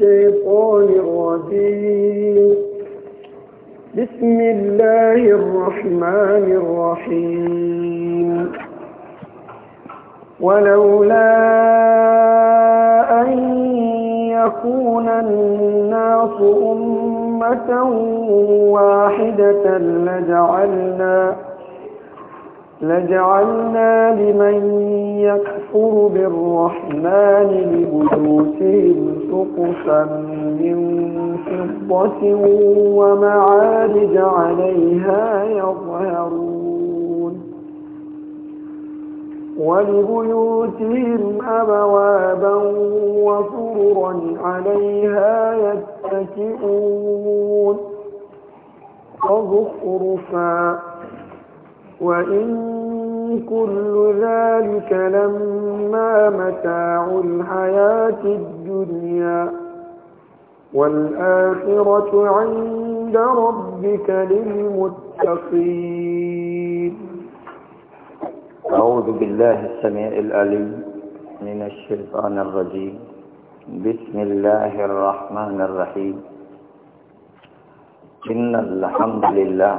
الشيطان الرجيم بسم الله الرحمن الرحيم ولولا أن يكون الناس أمة واحدة لجعلنا لجعلنا لمن يكفر بالرحمن لبيوتهم سقفا من فضة ومعارج عليها يظهرون ولبيوتهم أبوابا وفررا عليها يتكئون وزخرفا وإن كل ذلك لما متاع الحياة الدنيا والآخرة عند ربك للمتقين أعوذ بالله السميع الأليم من الشيطان الرجيم بسم الله الرحمن الرحيم إن الحمد لله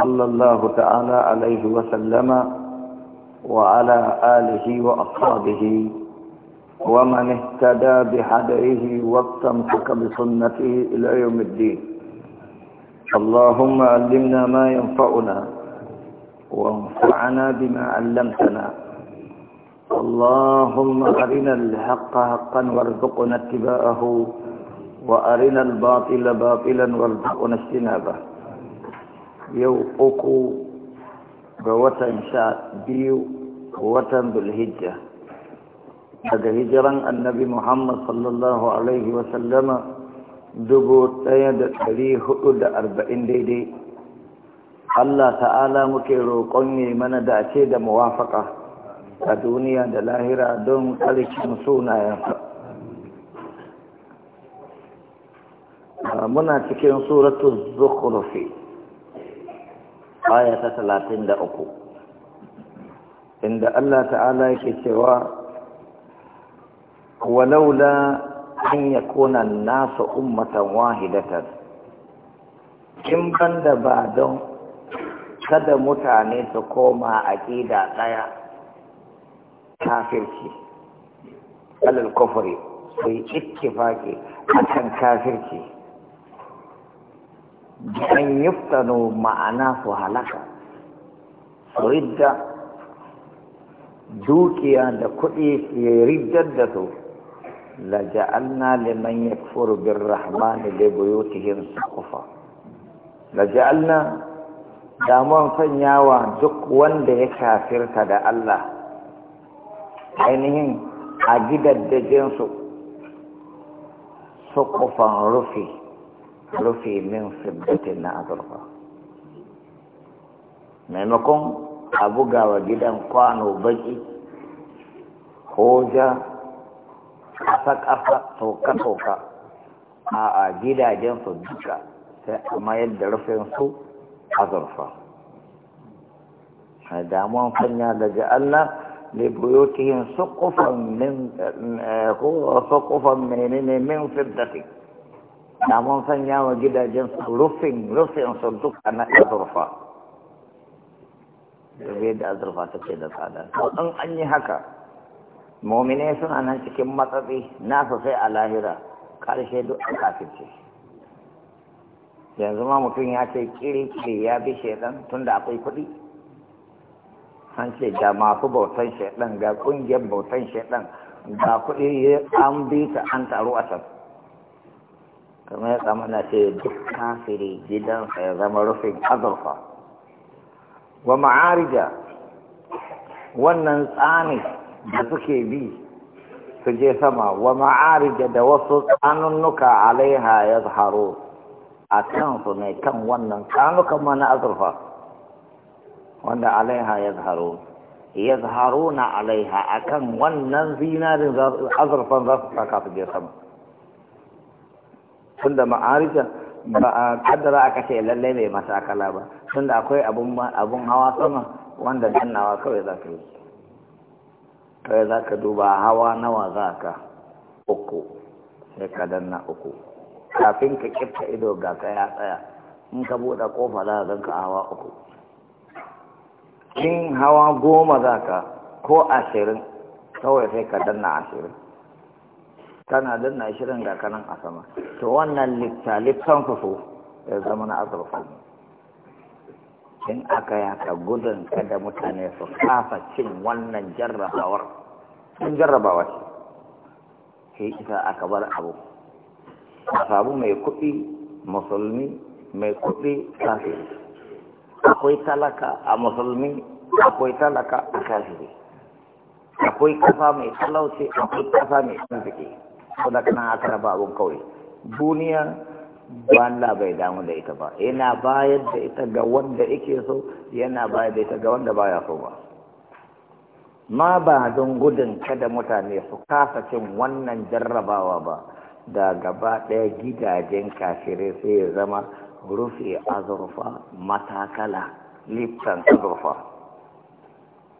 صلى الله تعالى عليه وسلم وعلى آله وأصحابه ومن اهتدى بحديه واستمسك بسنته إلى يوم الدين اللهم علمنا ما ينفعنا وانفعنا بما علمتنا اللهم أرنا الحق حقا وارزقنا اتباعه وأرنا الباطل باطلا وارزقنا اجتنابه yau uku ga watan sha biyu watan zulhijja daga hijiran annabi muhammad sallallahu alaihi wasallama dubu ɗaya da ɗari hudu da arba'in daidai allah ta'ala muke roƙon ne mana dace da muwafaka a duniya da lahira don ƙarshen sunayensa muna cikin suratun zukhrufi aya ta talatin da uku inda Allah ta'ala yake cewa walaula an kona nasu ummatan wahidatan kin banda ba don kada mutane su koma aqida daya kafirci alal kufri sai ittifaqi akan kafirci an yuftanu ma'ana su halaka su ridda dukiya da kuɗi ya riddar da su la ja'alna liman yakfuru bir rahmani li buyutihim suqufa la ja'alna da mun sanyawa duk wanda ya kafirta da Allah ainihin a gidaddajin su suqufan rufi rufe min siddatin na azurfa maimakon a buga wa gidan kwano baki ko ja ƙasa-ƙasa toka-toka a gidajen su duka sai a mayar da rufin su azurfa a damuwan fanya daga Allah ne suƙufan min eh, suƙufan menene min siddatin Na mun sanya wa gidajen su rufin rufin su duka na azurfa bai da azurfa take da tsada in an yi haka mominai suna nan cikin matsatsi na sai a lahira karshe duk a kafirce yanzu ma mutum ya ce kiri-kiri ya bi shaidan tun da akwai kuɗi an ce ga masu bautan shaidan ga ƙungiyar bautan shaidan ga kuɗi an bi ta an taru a can kamar ya kama na ce duk kafiri sa ya zama rufin azurfa wa ma'arija wannan tsani da suke bi su je sama wa ma'arija da wasu tsanunnuka alaiha ya zaharo a kansu ne kan wannan tsanukan mana azurfa wanda alaiha ya zaharo ya zaharo na alaiha a kan wannan zinarin azurfan za su saka su je sama tunda ma'arija ba a kaddara aka ce lallai mai matakala ba tunda akwai abun hawa sama wanda dannawa kawai za ka yi kawai za ka duba hawa nawa za ka uku sai ka danna uku kafin ka kifta ido ga ka ya tsaya in ka buɗe kofa za ka ka hawa uku in hawa goma za ka ko ashirin kawai sai ka danna ashirin kana danna shirin ga kanan a sama to wannan littalifan fafo ya zama na azurfa in aka yaka gudun kada mutane su kafa cin wannan jarrabawar in jarrabawa ce sai isa aka bar abu a mai kuɗi musulmi mai kuɗi kafiri akwai talaka a musulmi akwai talaka a kafiri akwai kafa mai talauci akwai kafa mai tsanziki kuma kana aka raba abun kawai duniya ba Allah bai damu da ita ba yana bayar da ita ga wanda yake so yana bayar da ita ga wanda baya so ba ma ba don gudun kada mutane su kasa cin wannan jarrabawa ba da gaba ɗaya gidajen kafire sai ya zama rufe azurfa matakala liftan azurfa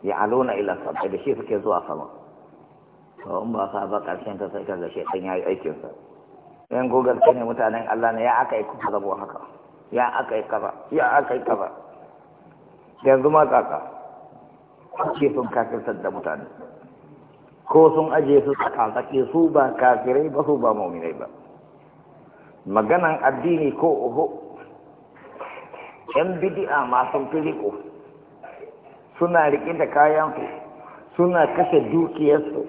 ya aluna ila sabai da shi suke zuwa sama to in ba sa ba karshen ta sai ka ga shaitan yayi aikin sa yan ko ne mutanen Allah ne ya aka yi kuka zabo haka ya aka yi kaza ya aka yi kaza yanzu ma kaka kuke sun kafirtar da mutane ko sun aje su tsakatsaki su ba kafirai ba su ba muminai ba maganan addini ko oho yan bidi'a masu firiko suna riƙe da kayan ku suna kashe dukiyarsu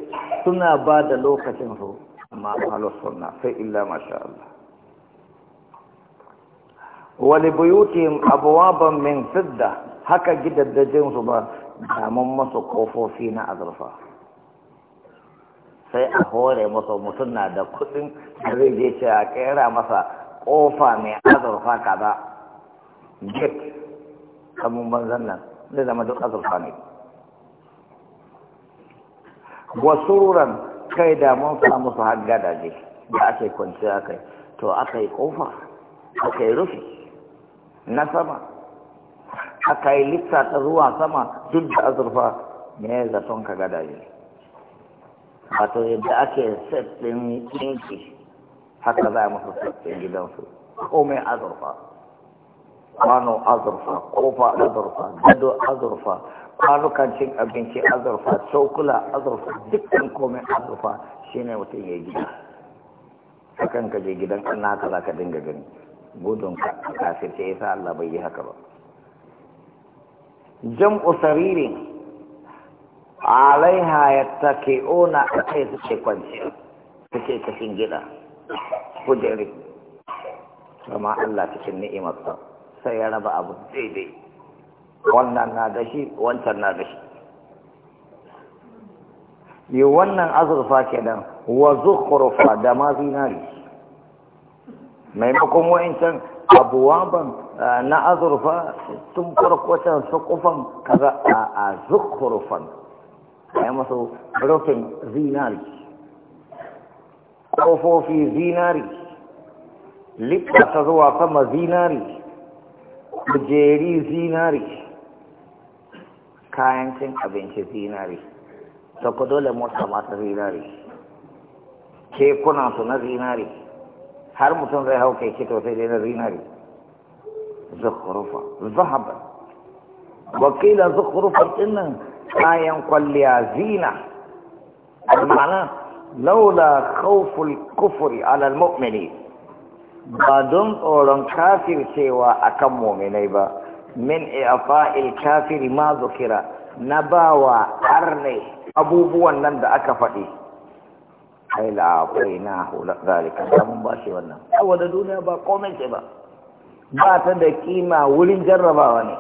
suna ba da lokacinsu amma halar suna sai illa masha wani buyutihim abuwaban min fidda haka su ba damun masu kofofi na azurfa sai a hore masa mutum na da kudin da zai je ce a kera masa kofa mai azurfa kaza get kamun banzan nan zai zama duk azurfa ne wasururan kai da mun samu su har gadaje da aka yi aka kai to aka yi kofa aka yi rufi na sama aka yi lissa ta zuwa sama duk da azurfa me zaton ka gadaje wato yadda ake set ɗin ki haka za a masa set ɗin gidansu komai azurfa kwano azurfa kofa azurfa gado azurfa kwanukan cin abinci azurfa cokula azurfa dukkan komai azurfa shine mutum ya gida akan ka je gidan kan naka za ka dinga gani gudun ka kafin ta yasa Allah bai yi haka ba jam'u saririn alaiha a akai suke kwanciya suke kashin gida kujere kama Allah cikin ni'imarsa sai ya raba abu daidai wannan na da shi wancan na da shi yi wannan azurfa ke nan wa zukhrufa da ma zinari maimakon wa'incan abuwaban eh, na azurfa tun farko can su kufan kaza a a zukhrufan ya masu rufin zinari kofofi zinari ta zuwa sama zinari bujeri zinari kayan cin abinci zinari sako dole mota mata zinari su na zinari har mutum zai hau kai kito sai dai na zinari zukhrufa zahaba wakila zukhrufa dinnan kayan kwalliya zina ma'ana laula khawful kufri ala al ba don tsoron kafir cewa akan muminai ba min ifa'il kafiri ma zukira na bawa arne abubuwan nan da aka faɗi ai la'afai na hula zalika samun mun ba shi wannan da duniya ba komai ce ba ba ta da kima wurin jarrabawa ne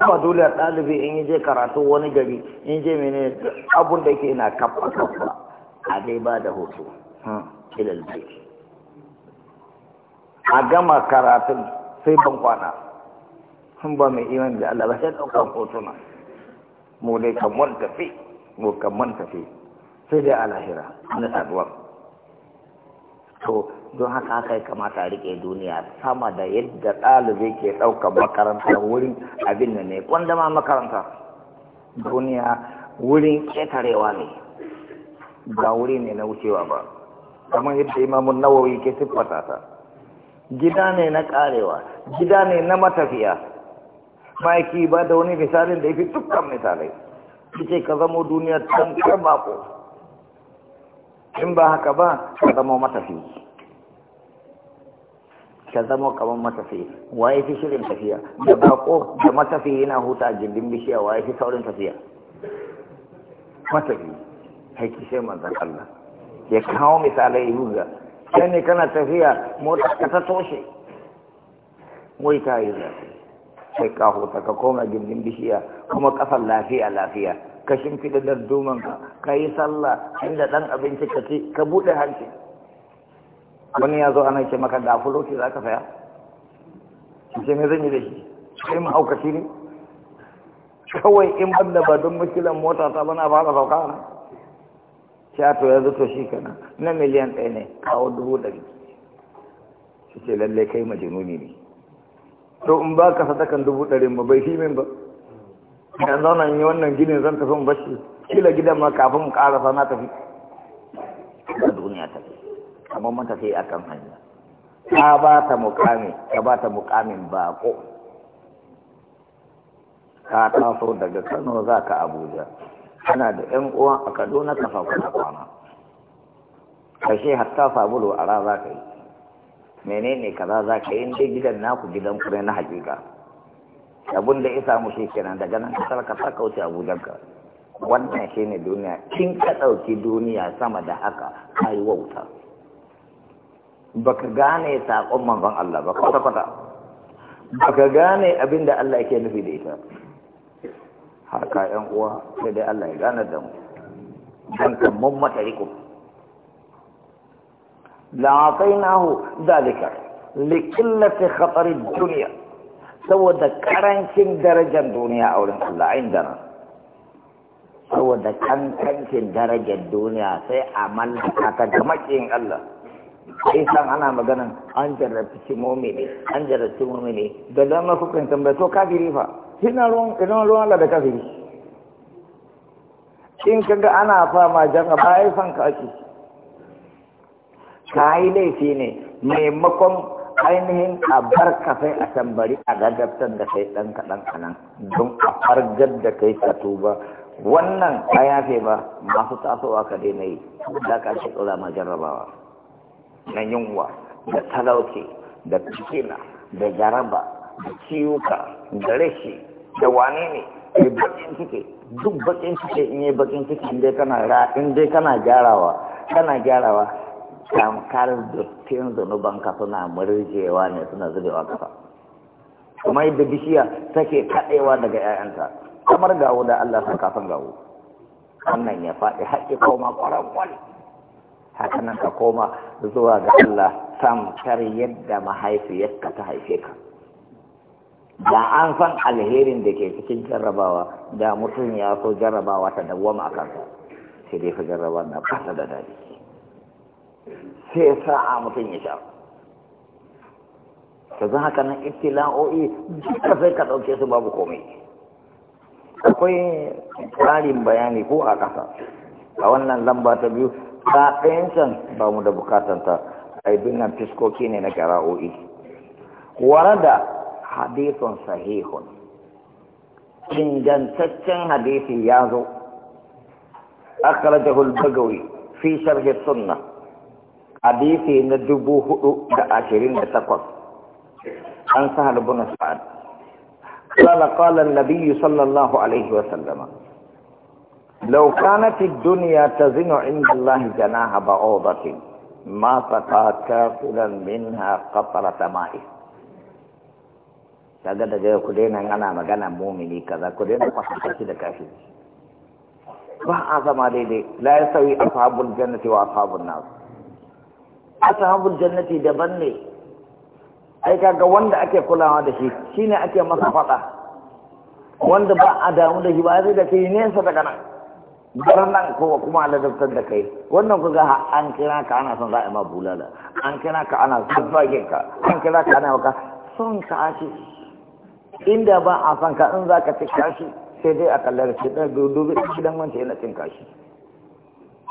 kuma dole ɗalibi in yi je karatu wani gari in je mene abun da ke na kafa kafa a dai ba da hoto hmm, ilal baiti a gama karatun sai ban kwana sun ba mai iman da Allah ba sai ɗaukar hotuna mu dai kamar tafi mu kamar tafi sai dai ala'hira na saduwar to don haka haka ya kamata a riƙe duniya sama da yadda ɗalibai ke ɗaukar makaranta wurin abin da ne kwandama makaranta duniya wurin ƙetarewa ne ba wuri ne na wucewa ba kamar yadda imamun nawawi ke siffata ta gida ne na karewa gida ne na matafiya ma'aiki ba da wani misalin da ya fi dukkan misalai ce ka zamo duniya tamkar bako in ba haka ba ka zamo matafi ka zamo kamar matafi ya fi shirin tafiya da bako da matafi yana huta jirgin bishiya wa ya fi saurin tafiya matafi haiki sai manzan Allah ya kawo misalai yuga kai ne kana tafiya mota ka ta toshe wai ta yi zafi sai ka huta ka koma gindin bishiya kuma kafar lafiya lafiya ka da darduman ka ka yi sallah inda ɗan abinci ka ci ka buɗe hanci wani ya zo ana ce maka da fuloki za ka saya ce ne zan yi da shi sai mu aukaci ne kawai in da ba don mukilan mota ta bana ba ka sauka na sha to ya zuto shi kana na miliyan ɗaya ne kawo dubu ɗari su ce lalle kai majinuni ne to in ba ka sadakan dubu ɗari ba bai fi min ba na zauna yi wannan ginin zan tafi bashi kila gidan ma kafin mu ƙara sana tafi a duniya ta amma mata a akan hanya ka ba ta mukami ka ba ta mukamin bako ka taso daga kano za ka abuja kana da ƴan uwa a kaduna ka sauka na kwana kashe hatta sabulu a ra za ka yi menene kaza za ka yi inda gidan naku gidan ku ne na hakika abun da isa mu shi kenan daga nan kasar ka sa kauce ka wannan shi ne duniya kin ka ɗauki duniya sama da haka ka yi wauta baka gane saƙon manzon Allah ba kwata-kwata baka gane abin da Allah yake nufi da ita haka yan uwa sai dai Allah ya gane da mu dan kamman matariku la atainahu dalika li qillati khatari dunya saboda karancin darajar duniya a wurin Allah indana saboda kankancin darajar duniya sai a mallaka ta ga makin Allah sai san ana maganan an jarrafi mumini an jarrafi mumini da dama kukan tambaye to kafiri fa ina ruwan ina ruwan Allah da kafiri in kaga ana fama a bayan san ka ake ka yi laifi ne maimakon ainihin a bar ka a tambari a gagabtar da kai ɗan kaɗan kanan don a fargar da kai ka tuba wannan a yafe ba masu tasowa ka daina yi da ka ce tsura ma jarrabawa na yunwa da talauke da cikina da jaraba ciwuka da rashi da wane ne bakin cike duk bakin cike in yi bakin cike inda kana ra inda kana gyarawa kana gyarawa tamkar dottin zunubanka suna murjewa ne suna zubewa kafa kuma yadda bishiya take kaɗewa daga 'ya'yanta kamar gawo da Allah sa kafin gawo wannan ya faɗi haƙƙi koma ƙwaron haka nan ka koma zuwa ga Allah tamkar yadda mahaifiyarka ta haife ka da an san alherin da ke cikin jarrabawa da mutum ya so jarrabawa ta dawwama a kansa sai dai fa jarraba na kasa da daɗi sai sa a mutum ya sha ta zan haka nan ittila'o'i duka sai ka ɗauke su babu komai akwai tsarin bayani ko a ƙasa a wannan lamba ta biyu ta ɗayan ba mu da bukatanta a ibin nan fiskoki ne na Warar da. حديث صحيح إن جنتشن حديث ياذو أخرجه البقوي في شرح السنة حديث ندبوه عشرين تقف عن سهل بن سعد قال قال النبي صلى الله عليه وسلم لو كانت الدنيا تزن عند الله جناح بعوضة ما سقى كافلا منها قطرة مائه kaga daga ku daina ana magana mumini kaza ku daina kwatanta shi da kashi. ba a zama daidai la a ashabul jannati wa nasu. A ashabul jannati daban ne ai kaga wanda ake kulawa da shi shine ake masa fada wanda ba a damu da shi ba zai da kai nesa daga nan garin nan ko kuma a ladabtar da kai wannan ku ga an kira ka ana son za'a ma bulala an kira ka ana son zage ka an kira ka ana maka son ka ake inda ba a son ka in za ka ci kashi sai dai a kallar shi ɗan dubi ɗan gidan wanda yana cin kashi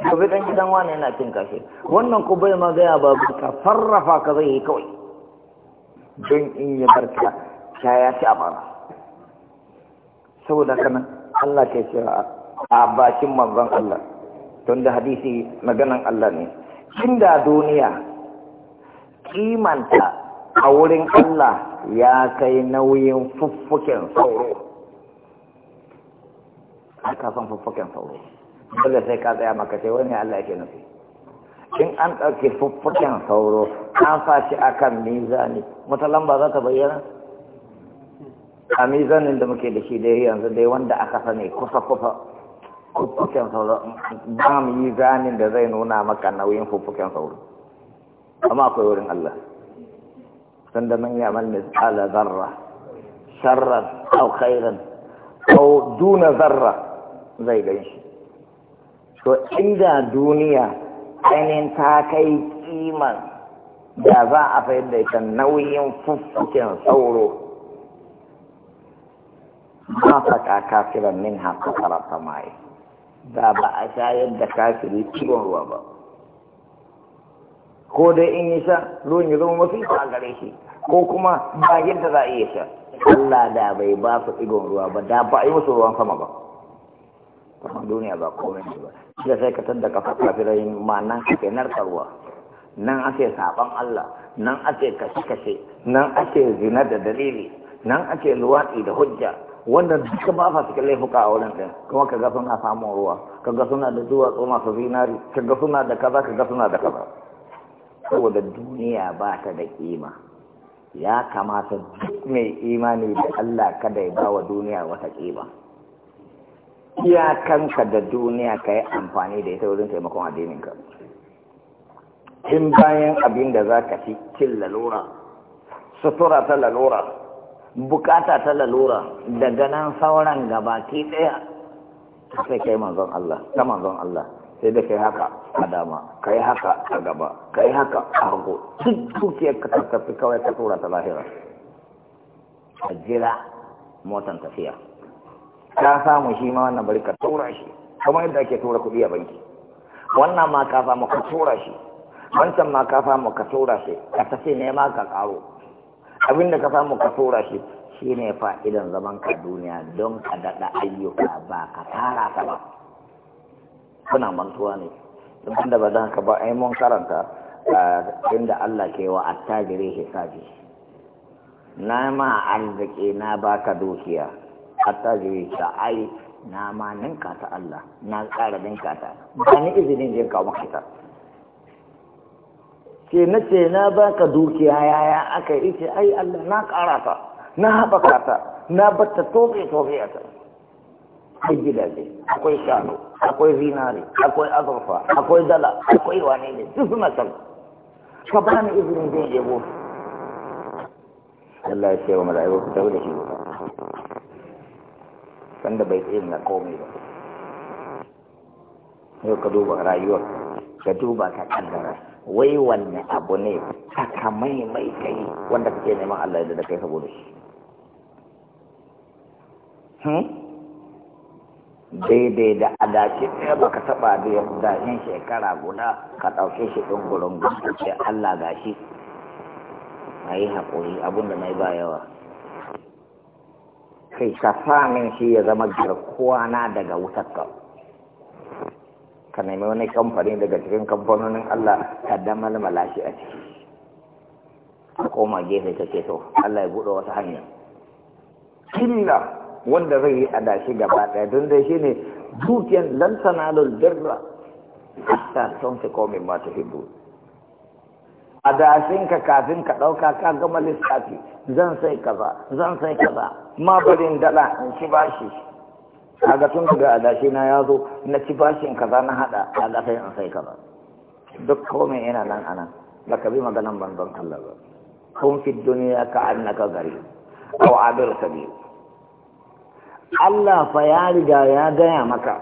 dubi ɗan gidan wani yana cin kashi wannan ku bai ma gaya ba ka sarrafa ka zai yi kawai don in yi barka sha ya ci a bara saboda kana Allah ke cewa a bakin manzon Allah don da hadisi maganan Allah ne inda duniya kimanta a wurin Allah ya kai nauyin fuffuken sauro aka san fuffuken sauro dole sai ka tsaya maka sai wani Allah yake nufi in an ɗauki fuffuken sauro an fashi a akan mizani wata lamba za ta bayyana a mizanin da muke da shi dai yanzu dai wanda aka sani kusa kusa fuffuken sauro ba mizanin da zai nuna maka nauyin fuffuken sauro amma akwai wurin Allah عند من يعمل مثقال ذرة شرا أو خيرا أو دون ذرة زي ده يمشي شو عند دنيا أن أنت كي إيمان جزاء في ذلك النوي ففك ثوره ما فك كافرا منها قطرة ماي ذا بأشاهد كافري تقول وبقى ko dai in yi sha ruwan ya zama mafi a gare shi ko kuma ba yadda za a iya sha Allah da bai ba su ɗigon ruwa ba da ba a yi musu ruwan sama ba kuma duniya ba komai ne ba shi da sai ka tadda kafa firayin ma nan ake narkarwa nan ake saban Allah nan ake kashe-kashe nan ake zina da dalili nan ake luwaɗi da hujja wannan duka ba fa cikin laifuka a wurin ɗin kuma ka ga suna samun ruwa ka ga suna da duwatsu masu zinari ka ga suna da kaza ka ga suna da kaza saboda duniya ba ta da kima ya kamata duk mai imani da Allah kada ya ba wa duniya wata kima iyakanka da duniya ka yi amfani da ita wurin taimakon addininka tun bayan abin da za ka fi cin lalura sutura ta lalura bukata ta lalura daga nan sauran gabaki ɗaya sai kai manzon Allah ta manzon Allah sai da kai haka a dama kai haka a gaba kai haka a hango duk dukiyar ka tattafi kawai ka tura ta lahira a jira motan tafiya ka samu shi ma wannan bari ka tura shi kuma yadda ake tura kuɗi a banki wannan ma ka samu ka tura shi wancan ma ka samu ka tura shi ka tafi ne ma ka karo abinda ka samu ka tura shi shine fa'idan zaman ka duniya don ka daɗa ayyuka ba ka tara ta ba kuna mantuwa ne duk da ba za ka ba ai mun karanta inda Allah ke wa attajiri hisabi na ma arziki na baka dukiya attajiri ta ai na ma ninka ta Allah na tsara ninka ta ba ni izinin jin kawo maka ke na ce na baka dukiya yaya aka yi ce ai Allah na ƙara ta na haɓaka ta na batta tofe tofe a ta akwai gidaje akwai shanu akwai zinari akwai azurfa akwai dala akwai wane ne duk suna can ka ba ni izinin zai yabo Allah ya ce wa mala'iku ku tafi da shi ba. sanda bai tsaye na komai ba yau ka duba rayuwar ka duba ka kaddara wai wanne abu ne ka mai mai kai wanda kake neman Allah ya da kai saboda shi hmm? daidai da a adashi ɗaya baka taɓa da yin shekara guda ka ɗauke shi ɗin gurin ce Allah shi. a yi haƙuri abinda na yi ba yawa kai ka sa shi ya zama garkuwa na daga wutar ka Ka nemi wani kamfani daga cikin kamfanonin Allah ka damar shi a ciki ka koma gefe ta ce to Allah ya buɗe wata hanya killa wanda zai yi adashi gaba ɗaya don dai shine dukiyan lan tanalul birra hatta tunfiqu mimma tuhibbun adashin ka kafin ka ɗauka ka gama lissafi zan sai kaza zan sai kaza ma barin dala in ci bashi kaga tun daga adashi na ya zo na ci bashin kaza na hada kaga sai in sai kaza duk komai yana nan anan baka bi maganan banzan Allah ba kun fi duniya ka annaka gari ko abir sabiyu. Allah fa ya riga ya gaya maka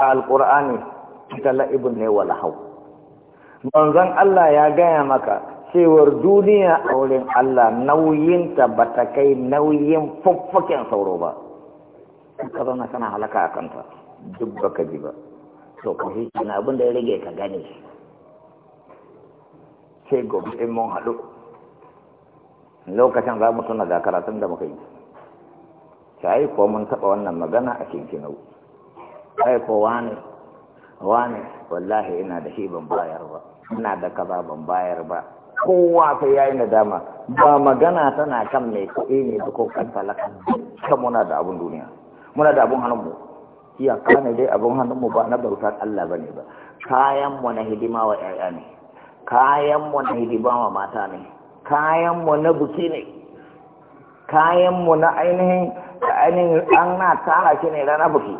a alƙur'ani ta la'ibin ne wa lahau manzan Allah ya gaya maka cewar duniya a wurin Allah nauyinta ba ta kai nauyin fuffuken sauro ba ka zauna kana halaka a kanta duk ba ka ji ba to ka shi kana abin da ya rage ka gane sai gobe in mun haɗu lokacin za mu tuna da karatun da muka yi ta ko mun taɓa wannan magana a kinkinau ai ko wani wani wallahi ina da shi ban bayar ba ina da kaza ban bayar ba kowa sai yayi nadama ba magana tana kan mai kuɗi ne da ko kan talaka kan muna da abun duniya muna da abun mu? iyaka ne dai abun mu ba na bautar Allah bane ba kayan mu na hidima wa ƴaƴa ne kayan mu na hidima wa mata ne kayan mu na buki ne kayan mu na ainihin ainihin an na tara shi ne rana buki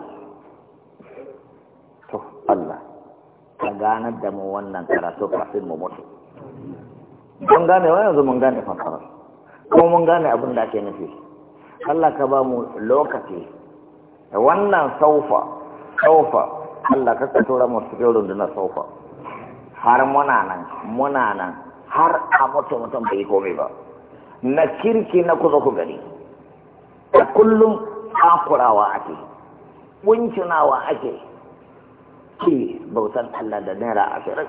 to Allah ka ganar da mu wannan karatu kafin mu mutu mun gane wa yanzu mun gane fasara kuma mun gane abin da ake nufi Allah ka ba mu lokaci wannan saufa saufa Allah ka tura mu cikin rundunar saufa har muna nan muna nan har a mutu mutum bai komai ba na kirki na kuzo ku gani da kullum hakurawa ake kuncinawa ake ke bautan Allah da naira ashirin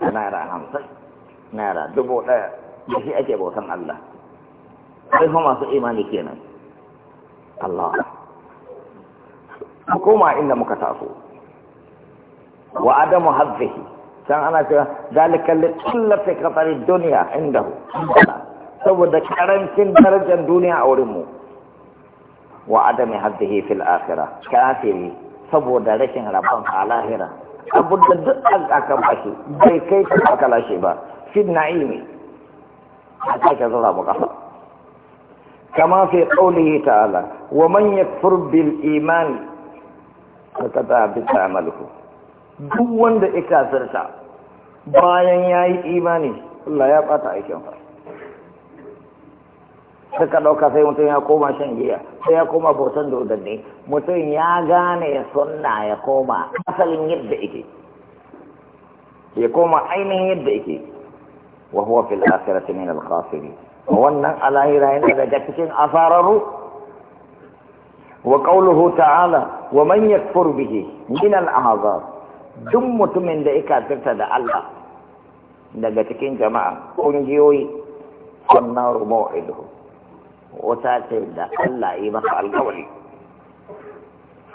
da naira hamsin naira dubu ɗaya da shi ake bautan Allah sai fa masu imani kenan Allah koma inda muka taso wa adamu hazzihi can ana cewa zalika li qillati duniya, dunya indahu saboda karancin darajar duniya a wurin mu wa adami haddihi fil akhirah kafiri saboda rashin rabon a lahira abu duk an aka bashi bai kai ta aka lashe ba fil na'imi a sake zura mu kafa kama fi qawlihi ta'ala wa man yakfur bil iman fakata bi ta'maluhu duk wanda ya kafirta bayan yayi imani Allah ya bata aikin sa suka ɗauka sai mutum ya koma shan giya sai ya koma bautan dodanni mutum ya gane ya sunna ya koma asalin yadda yake ya koma ainihin yadda yake wa huwa fil akhirati min al khasiri wannan alahira yana daga cikin asararu wa qawluhu ta'ala wa man yakfur bihi min al ahzab duk mutumin da yake kafirta da Allah daga cikin jama'a kungiyoyi sunnaru mau'iduhu وتاتي لا قل لا القول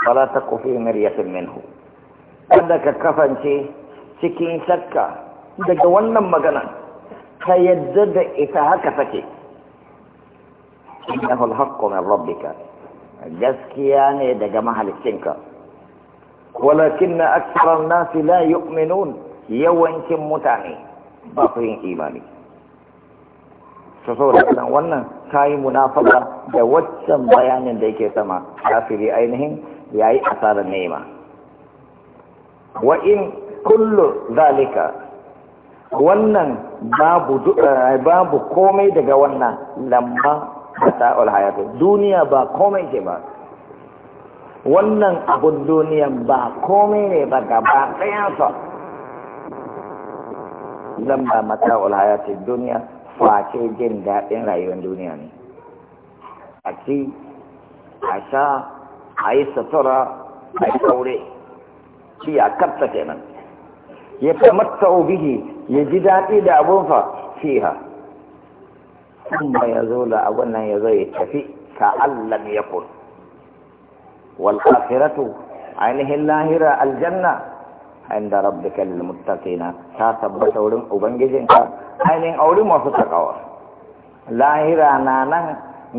فلا تقو في مرية منه عندك كفن شيء سكين سكة عندك ونن مجنا فيجد إفها كفتي إنه الحق من ربك جسكياني دك محل السنكة ولكن أكثر الناس لا يؤمنون يوم متعني باطين إيماني to saboda wannan ta yi munafaka da waccan bayanin da yake sama kafiri ainihin ya yi asarar nema wa in kullu zalika wannan babu eh, babu komai daga wannan lamba lamma mata'ul hayatu duniya ba komai ce ba wannan abun duniyan ba komai ne ba gaba ɗayansa lamba mata'ul hayatu duniya kwace jin daɗin rayuwar duniya ne a ci a sha a yi satura a yi saure shi a karta kenan ya tamatta obihi ya ji daɗi da abun fa fiha kuma ya zo da abun nan ya zo ya tafi ka allan ya kun ainihin lahira aljanna inda rabbika lil muttaqina ta tabbata wurin ubangijinka ainihin auri masu takawa lahira na nan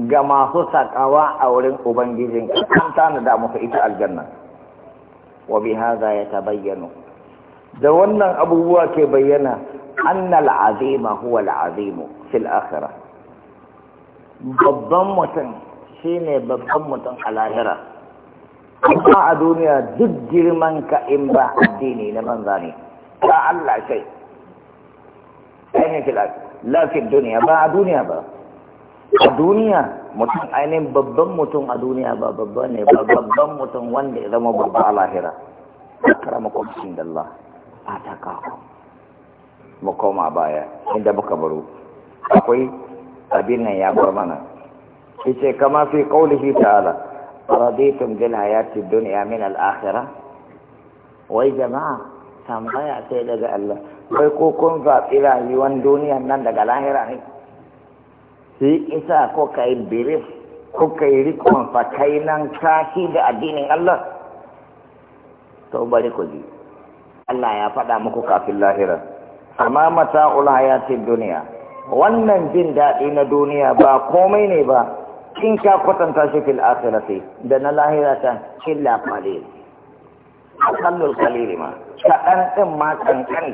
ga masu takawa a wurin ubangijin an da musu ita aljanna wa ya ta yatabayyanu da wannan abubuwa ke bayyana annal azima huwa la'azimu, azimu fil babban mutum shine babban mutum a lahira amma a duniya duk girman ka in ba addini na banza ne ka Allah kai ainihin filas lafiyar duniya ba a duniya ba a duniya mutum ainihin babban mutum a duniya ba babban ne ba babban mutum wanda ya zama babba a lahira a kara makwabcin da Allah a ta kawo makoma baya inda muka baro akwai abin nan ya bar mana ita kama fi kaulihi ta'ala رضيتم بالحياة duniya min الآخرة Wai jama'a tambaya sai daga Allah kai ko kun zaɓi rayuwar duniyan nan daga lahira ne Shi isa ko ka yi birif ko ka yi rikon kai nan kashi da addinin Allah to bari ku ji Allah ya faɗa muku kafin lahira amma mata ulayatin duniya wannan jin daɗi na duniya ba komai ne ba in ka kwatanta shi fil akhirati da na lahira ta illa qalil akallul qalil ma kaɗan ɗin ma kankan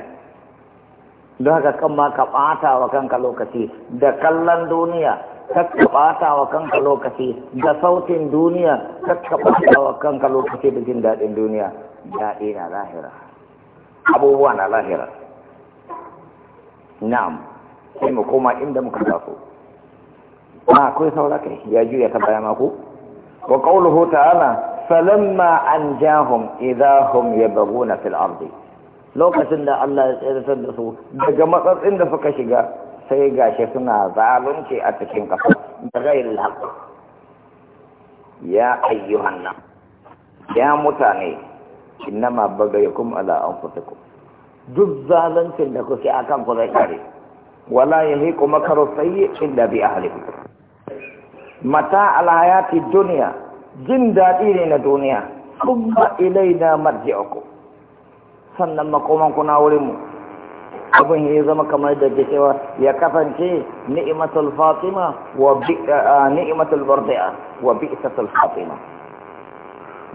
don haka kan ma ka ɓata wa kanka lokaci da kallon duniya kakka ɓata wa kanka lokaci da sautin duniya kakka ɓata wa kanka lokaci da jin daɗin duniya daɗi na lahira abubuwa na lahira na'am sai mu koma inda muka taso ma akwai saura kai ya juya ta baya maku wa qawluhu ta'ala falamma anjahum idahum yabghuna fil ardi lokacin da Allah ya tsirtar da su daga matsatsin da suka shiga sai gashi suna zalunci a cikin ƙasa da gairi haƙƙa ya ayyuhan nan ya mutane innama bagaykum ala anfusikum duk zaluncin da kuke a ku zai kare wala yahiqu yi sayyi illa bi ahlihi mata al duniya jin daɗi ne na duniya kuma ilaina marji'ukum sannan makoman kuna wurinmu. abin ya zama kamar da ke cewa ya kasance ni'imatul fatima wa eh, eh, ni'imatul bardi'a wa bi'satul fatima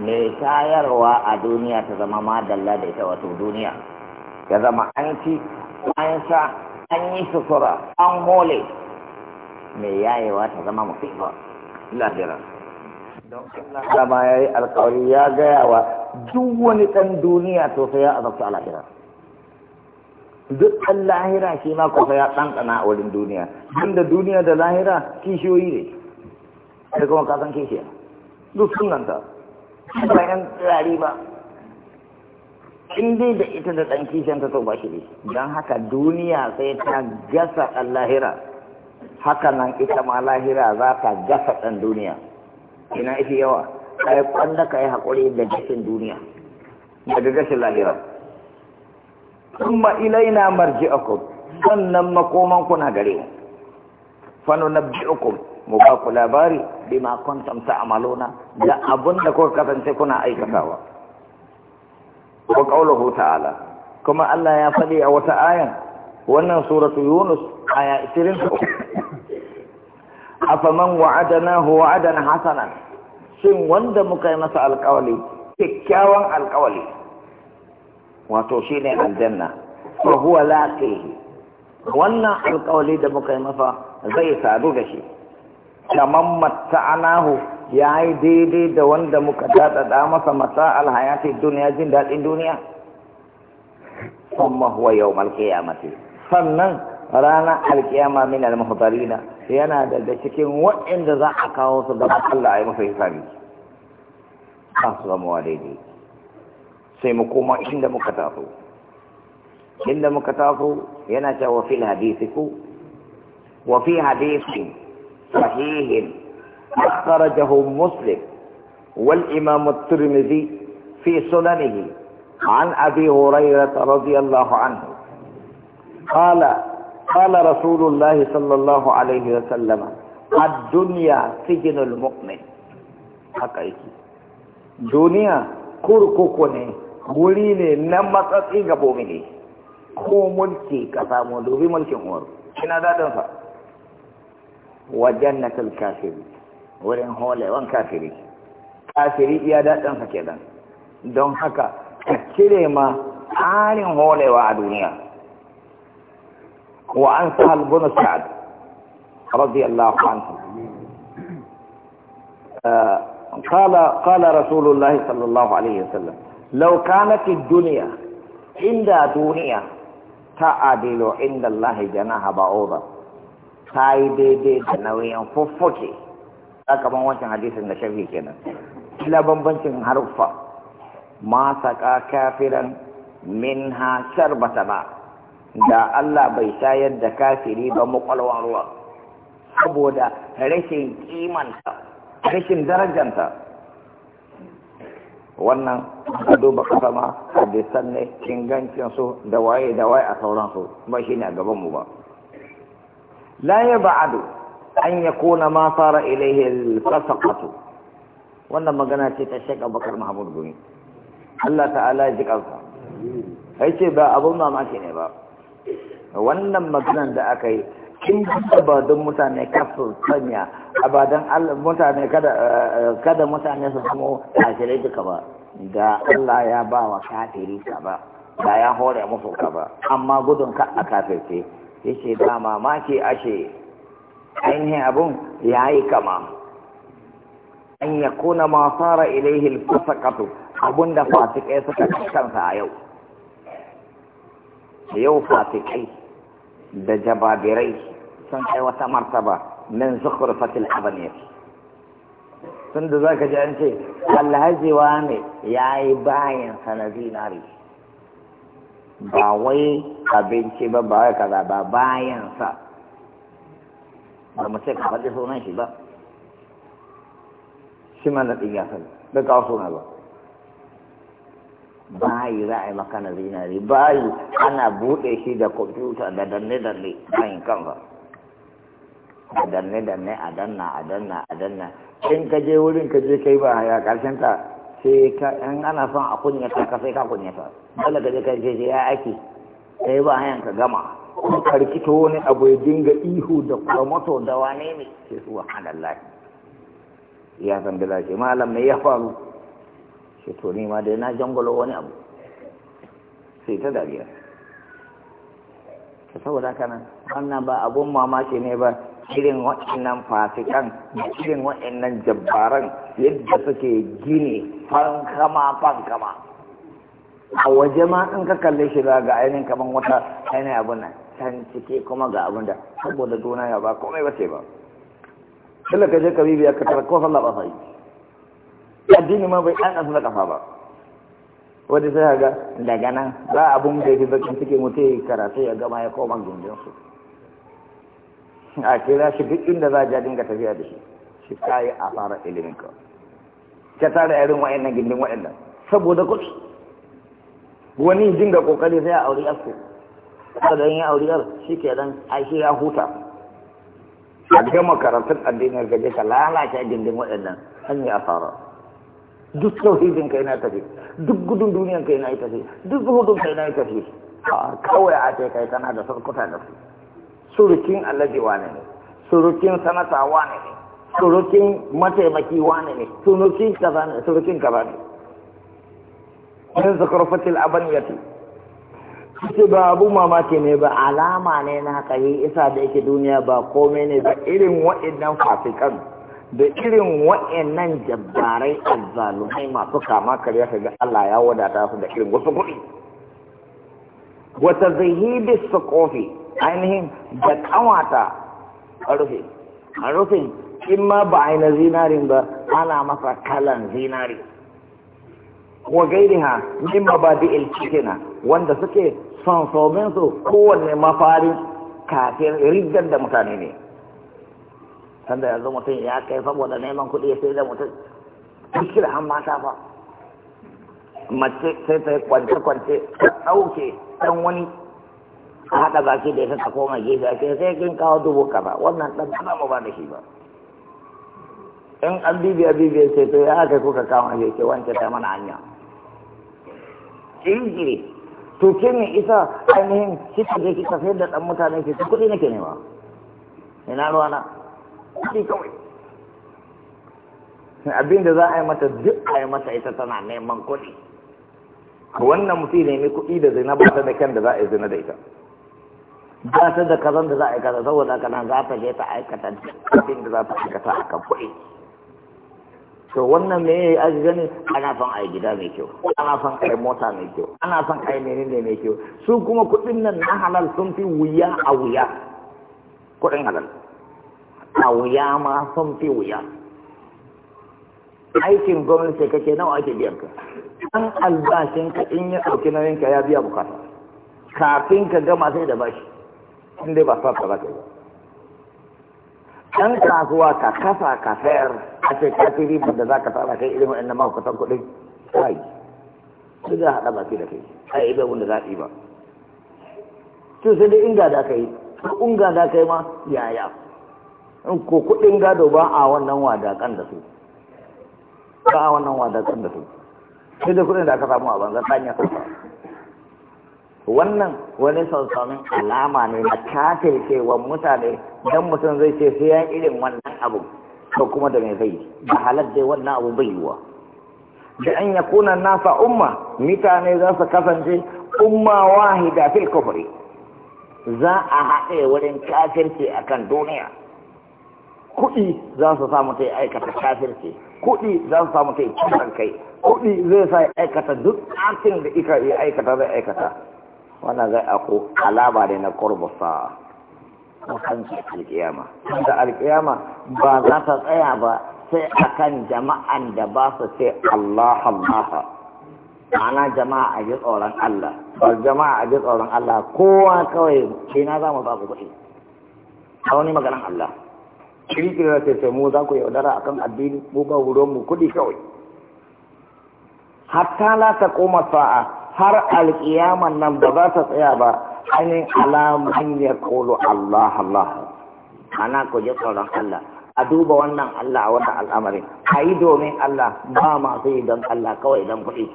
ne tayarwa a duniya ta zama madalla da ita wato duniya ya zama an ci an sha an yi sutura an hole mai yayewa ta zama musiba lahira don Allah ya yi alkawari ya gaya wa duk wani ɗan duniya to sai ya azabta a lahira duk ɗan lahira shi ma sai ya ɗanɗana a wurin duniya duk da duniya da lahira kishiyoyi ne sai kuma ka san kishiya duk sunanta ba yan tsari ba in dai da ita da ɗan kishiyan ta ba shi ne don haka duniya sai ta gasa ɗan lahira haka nan ita ma lahira za ta gasa ɗan duniya ina ita yawa ka yi kwanda ka yi da cikin duniya daga gashin lahira kuma ilaina marji'akum sannan makoman kuna gare mu fano nabbi'ukum mu ba ku labari bima kuntum ta'maluna da abun da kuka kasance kuna aikatawa wa qawluhu ta'ala kuma Allah ya fadi a wata ayan wannan suratu yunus aya 23 afaman wa'adan hasanan shin wanda muka yi masa alkawali kyakkyawan alkawali wato shi ne aljanna fa huwa laqihi wannan alkawali da muka yi masa zai sadu da shi kaman matta'anahu ya yi daidai da wanda muka daɗaɗa masa mata alhayati duniya jin daɗin duniya kuma huwa yau malkiya qiyamati sannan ranar alkiyama min al yana daga cikin waɗanda za a kawo su ga Allah ya masa hisabi ba su zama daidai sai mu koma inda muka taso inda muka taso yana cewa fil hadisi ku wa fi hadisi sahihin wal مسلم والإمام الترمذي في سننه عن أبي هريرة رضي الله عنه قال قال رسول الله صلى الله عليه وسلم الدنيا سجن المؤمن kurkukune wuri ne na matsatsi ga bomine ko mulki ka samu dubi mulkin umaru ina daɗinsa wajen na kafiri wurin holewan kafiri kafiri iya daɗinsa kenan don haka ka cire ma tsarin holewa a duniya وعن سهل بن سعد رضي الله عنه آه قال قال رسول الله صلى الله عليه وسلم لو كانت الدنيا عند دنيا تعدل عند الله جناح بعوضة تاي دي دي دنوين ففوكي كما وانت حديث النشفي كنا إلا بمبنشن حرفة ما سقى كافرا منها شربة بعض da Allah bai shayar da kafiri ba makwalwan ruwa saboda rashin kimanta rashin darajanta wannan a duba kasa ma hadisan ne ingancin su da waye da waye a sauransu ba shi ne a gaban ba la ya ba'adu an ya kona ma fara ilaihi alfasaqatu wannan magana ce ta Sheikh bakar Mahmud Gumi Allah ta'ala ya ji kansa ce ba abin mamaki ne ba wannan maganan da aka yi in ba don mutane su sanya abadan mutane eh, kada mutane su samu kafirai duka ba da Allah ya ba wa kafiri ka ba da ya hore musu ka ba amma gudun ka a kafirce ce ba mamaki ashe ainihin abun ya yi kama an yakuna ma fara ilaihi al abun da fasikai suka kansa a yau da yau fatikai da jababirai sun kai wata martaba min fatil abaniyah tun da zaka ji an ce alhaji wa ne yayi bayan na zinari ba wai abinci ba ba wai kaza ba bayan sa ba mu ce ka faɗi sunan shi ba shi ma na ɗin ya sani bai kawo suna ba bayi za a yi maka na zinari bayi ana buɗe shi da kwamfuta da danne-danne bayan kanka da danne-danne a danna a danna a danna in ka je wurin ka je kai ba ya karshen ta sai ka in ana son a kunyata ka sai ka kunyata dole ka je ka je ya aiki kai ba hayan ka gama ko ka rikito wani abu ya dinga ihu da kwamoto da wane ne sai su wahalar lafi ya san da lafi malam ne ya faru shi to ma dai na jangolo wani abu sai ta dariya ta saboda kana wannan ba abun mamaki ne ba irin waɗannan fasikan da irin waɗannan jabbaran yadda suke gini fankama fankama a waje ma in ka kalle shi za ga ainihin kaman wata ainihin abin nan can cike kuma ga abin da saboda duniya ba komai ba sai ba. Kila ka je ka bibiya ka tara ko sallah ba sai. addini ma bai an asu na kafa ba wanda sai ga daga nan a abun da fi bakin suke mutu karatu ya gama ya koma gindin su a kira shi duk inda za a ja dinga tafiya da shi shi kayi a fara ilimin ka ka tara irin wa'annan gindin wa'annan saboda kuɗi wani dinga kokari sai a auri yarsu saboda yin auri yar shi ke nan shi ya huta a gama karatun addinin ka ka lalace gindin wa'annan hanyar asara duk tauhidin kai na tafi duk gudun duniyan kai na yi tafi duk zuhudun kai na yi tafi kawai a ce kai kana da sarkuta da su surukin allaji wane ne surukin sanata wane ne surukin mataimaki wane ne surukin kaza ne surukin kaza ne in zakarfatil abaniyati ce ba abu mamaki ne ba alama ne na kai isa da yake duniya ba komai ne ba irin waɗannan fafikan da irin wa'annan jabbarai azzalumai masu kama karya ya ga Allah ya wadata su da irin wasu kuɗi wata zahidi su kofi ainihin da kawata a rufe a rufe in ma ba a zinarin ba ana masa kalan zinari wa ma min mabadi ilcikina wanda suke son su kowanne mafarin kafin rigar da mutane ne da yanzu mutum ya kai saboda neman kuɗi ya sai da mutum fikir har mata fa mace sai ta kwance-kwance ta ɗauke ɗan wani a haɗa baki da ita ta mai gefe a ke sai kin kawo dubu kaza wannan ɗan ɗan mu ba da shi ba in an bibiya bibiya sai to ya kai kuka kawo a gefe wanke ta mana hanya tsingiri to ke me isa ainihin kika je ta, sayar da ɗan mutane ke kuɗi nake ba. ina ruwa na? kuɗi kawai abin da za a yi mata duk a yi mata ita tana neman kuɗi wannan mutum nemi kuɗi da zina ba ta da kyan da za a yi zina da ita ba ta da kazan da za a yi kaza saboda kana za ta je ta aikata abin da za ta aikata a kan kuɗi to wannan me ya yi gani ana son a yi gida mai kyau ana son a yi mota mai kyau ana son a yi ne mai kyau su kuma kuɗin nan na halal sun fi wuya a wuya kuɗin halal a wuya ma sun fi wuya aikin gwamnati kake nawa ake biyan ka an albashin ka in ya ɗauki nauyin ka ya biya bukata kafin ka gama sai da bashi in dai ba sa ka zaka yi ɗan kasuwa ka kasa ka sayar a ce ka fi ribar da za ka tara kai irin wa'annan mahaukatan kuɗin kai su za haɗa baki da kai ai ibe wanda za a ba to sai dai inga da ka yi in ga da ka yi ma yaya ko kudin gado ba a wannan wadakan da su ba a wannan wadakan da su sai da kudin da aka samu a banza ta hanyar sassa wannan wani sansanin alama ne na kafin cewa mutane don mutum zai ce sai ya irin wannan abu ko kuma da mai zai da halar dai wannan abu bai yiwa da an ya kuna nasa umma mutane za su kasance umma wahida fil kufri za a haɗe wurin kafirce akan duniya kuɗi za su sa ta ya aikata kafirci kuɗi za su sa ta ya kai kuɗi zai sa ya aikata duk ɗakin da ika ya aikata zai aikata wannan zai ako alama ne na kurbusa mutunci alƙiyama da alƙiyama ba za ta tsaya ba sai akan jama'an da ba su ce Allah Allah ma'ana jama'a a ji tsoron Allah ba jama'a a ji tsoron Allah kowa kawai shi na za mu ba ku kuɗi a wani maganan Allah kirkira ta ce mu za ku yaudara akan addini mu ba mu kuɗi kawai hatta la ta koma sa'a har alƙiyaman nan ba za ta tsaya ba ainihin alamun ya kolo Allah Allah ana ku ji tsoron Allah a duba wannan Allah a wata al'amarin a yi domin Allah ba masu yi don Allah kawai don kuɗi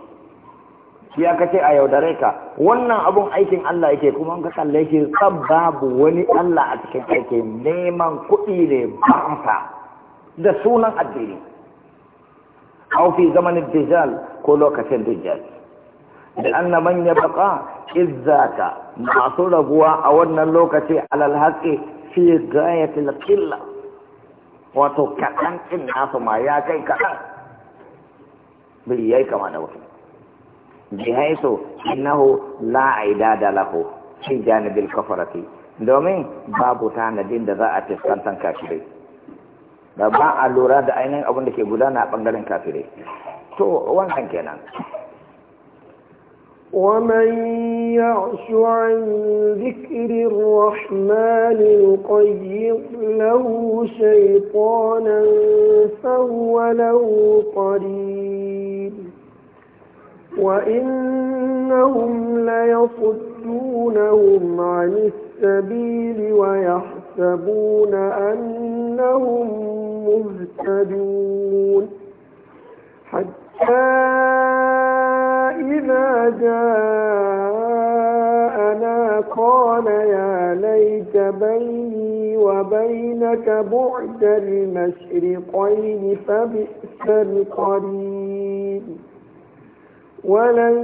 shi aka ce a yaudare ka wannan abun aikin Allah yake kuma ka kalle shi tsab wani Allah a cikin aiki neman kuɗi ne ba da sunan addini aw fi zamanin dijal ko lokacin dijal da anna man yabqa izzaka masu raguwa a wannan lokaci alal haqqi fi ghayatil qilla wato kaɗan ɗin nasu ma ya kai kaɗan bai yayi kama da bihaisu innahu la aidada lahu fi janibil kafarati domin babu tanadin da za a tiskantan kafirai babban lura da ainihin abin da ke gudana a bangaren kafirai to wannan kenan ومن يعش عن ذكر الرحمن يقيض له شيطانا فهو له قريب وإنهم ليصدونهم عن السبيل ويحسبون أنهم مهتدون حتى إذا جاءنا قال يا ليت بيني وبينك بعد المشرقين فبئس القريب ولن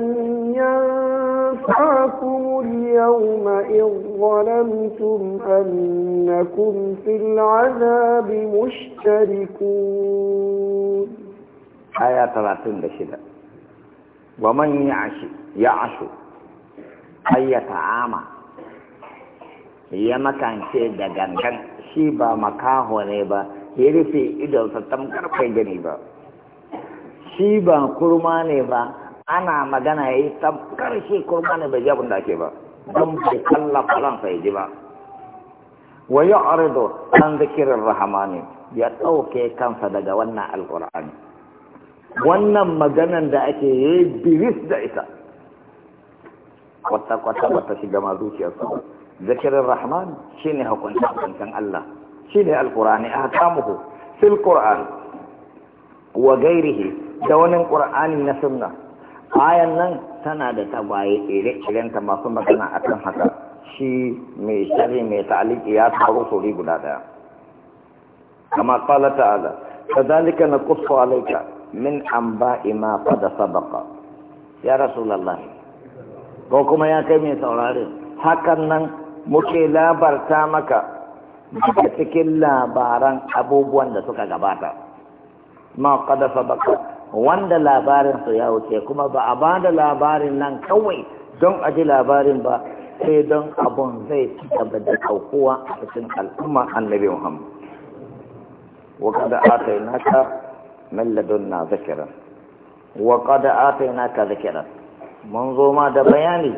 ينفعكم اليوم إذ ظلمتم أنكم في العذاب مشتركون آية 36 ومن يعش يعش أي يتعامى ya makance da gangan shi ba makaho ne ba ya rufe idonsa tamkar fai gani ba shi ba kurma ne ba ana magana ya yi tabbatar shi kurbanin bai jabin da ake ba don bai kallafa ransa ya ji ba wa yi arido an zikirin rahamani ya ɗauke kansa daga wannan alkur'ani wannan maganan da ake yi biris da ita kwata-kwata ta shiga ma zuciyarsa ba zikirin rahman shi ne hukuntan Allah Shi ne alkur'ani a kamuhu fil qur'an wa gairihi da wani qur'ani na sunna ayan nan tana da tagwaye ire iren ta masu magana a kan haka shi mai shari mai ta'aliki ya faru sori guda daya kama kala ta'ala zalika na kusa alaika min an ba ima fada sabaka ya rasulallah ko kuma ya kai mai saurari hakan nan muke labarta maka daga cikin labaran abubuwan da suka gabata ma kada sabaka wanda labarinsa ya wuce kuma ba a ba da labarin nan kawai don a ji labarin ba sai don abun zai ci gaba da aukuwa a cikin al'umma annabi muhammad wa kada aka yi naka malladun na zakiran wa kada aka yi naka zakiran mun zo ma da bayani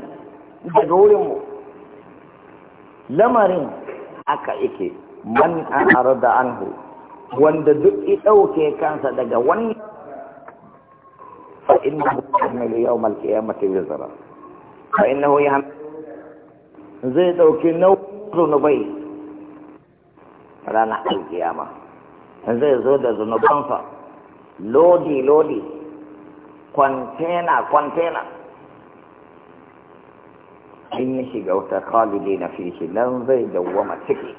daga wurinmu lamarin aka ike man an arada anhu wanda duk ya ɗauke kansa daga wannan فإنه يحمل يوم القيامة وزرا فإنه يحمل زي دوكي نو ذنوبي رانا القيامة زي زود ذنوبانسا kwantena kwantena in ya shiga wata kalile na fishi nan zai dawwama ciki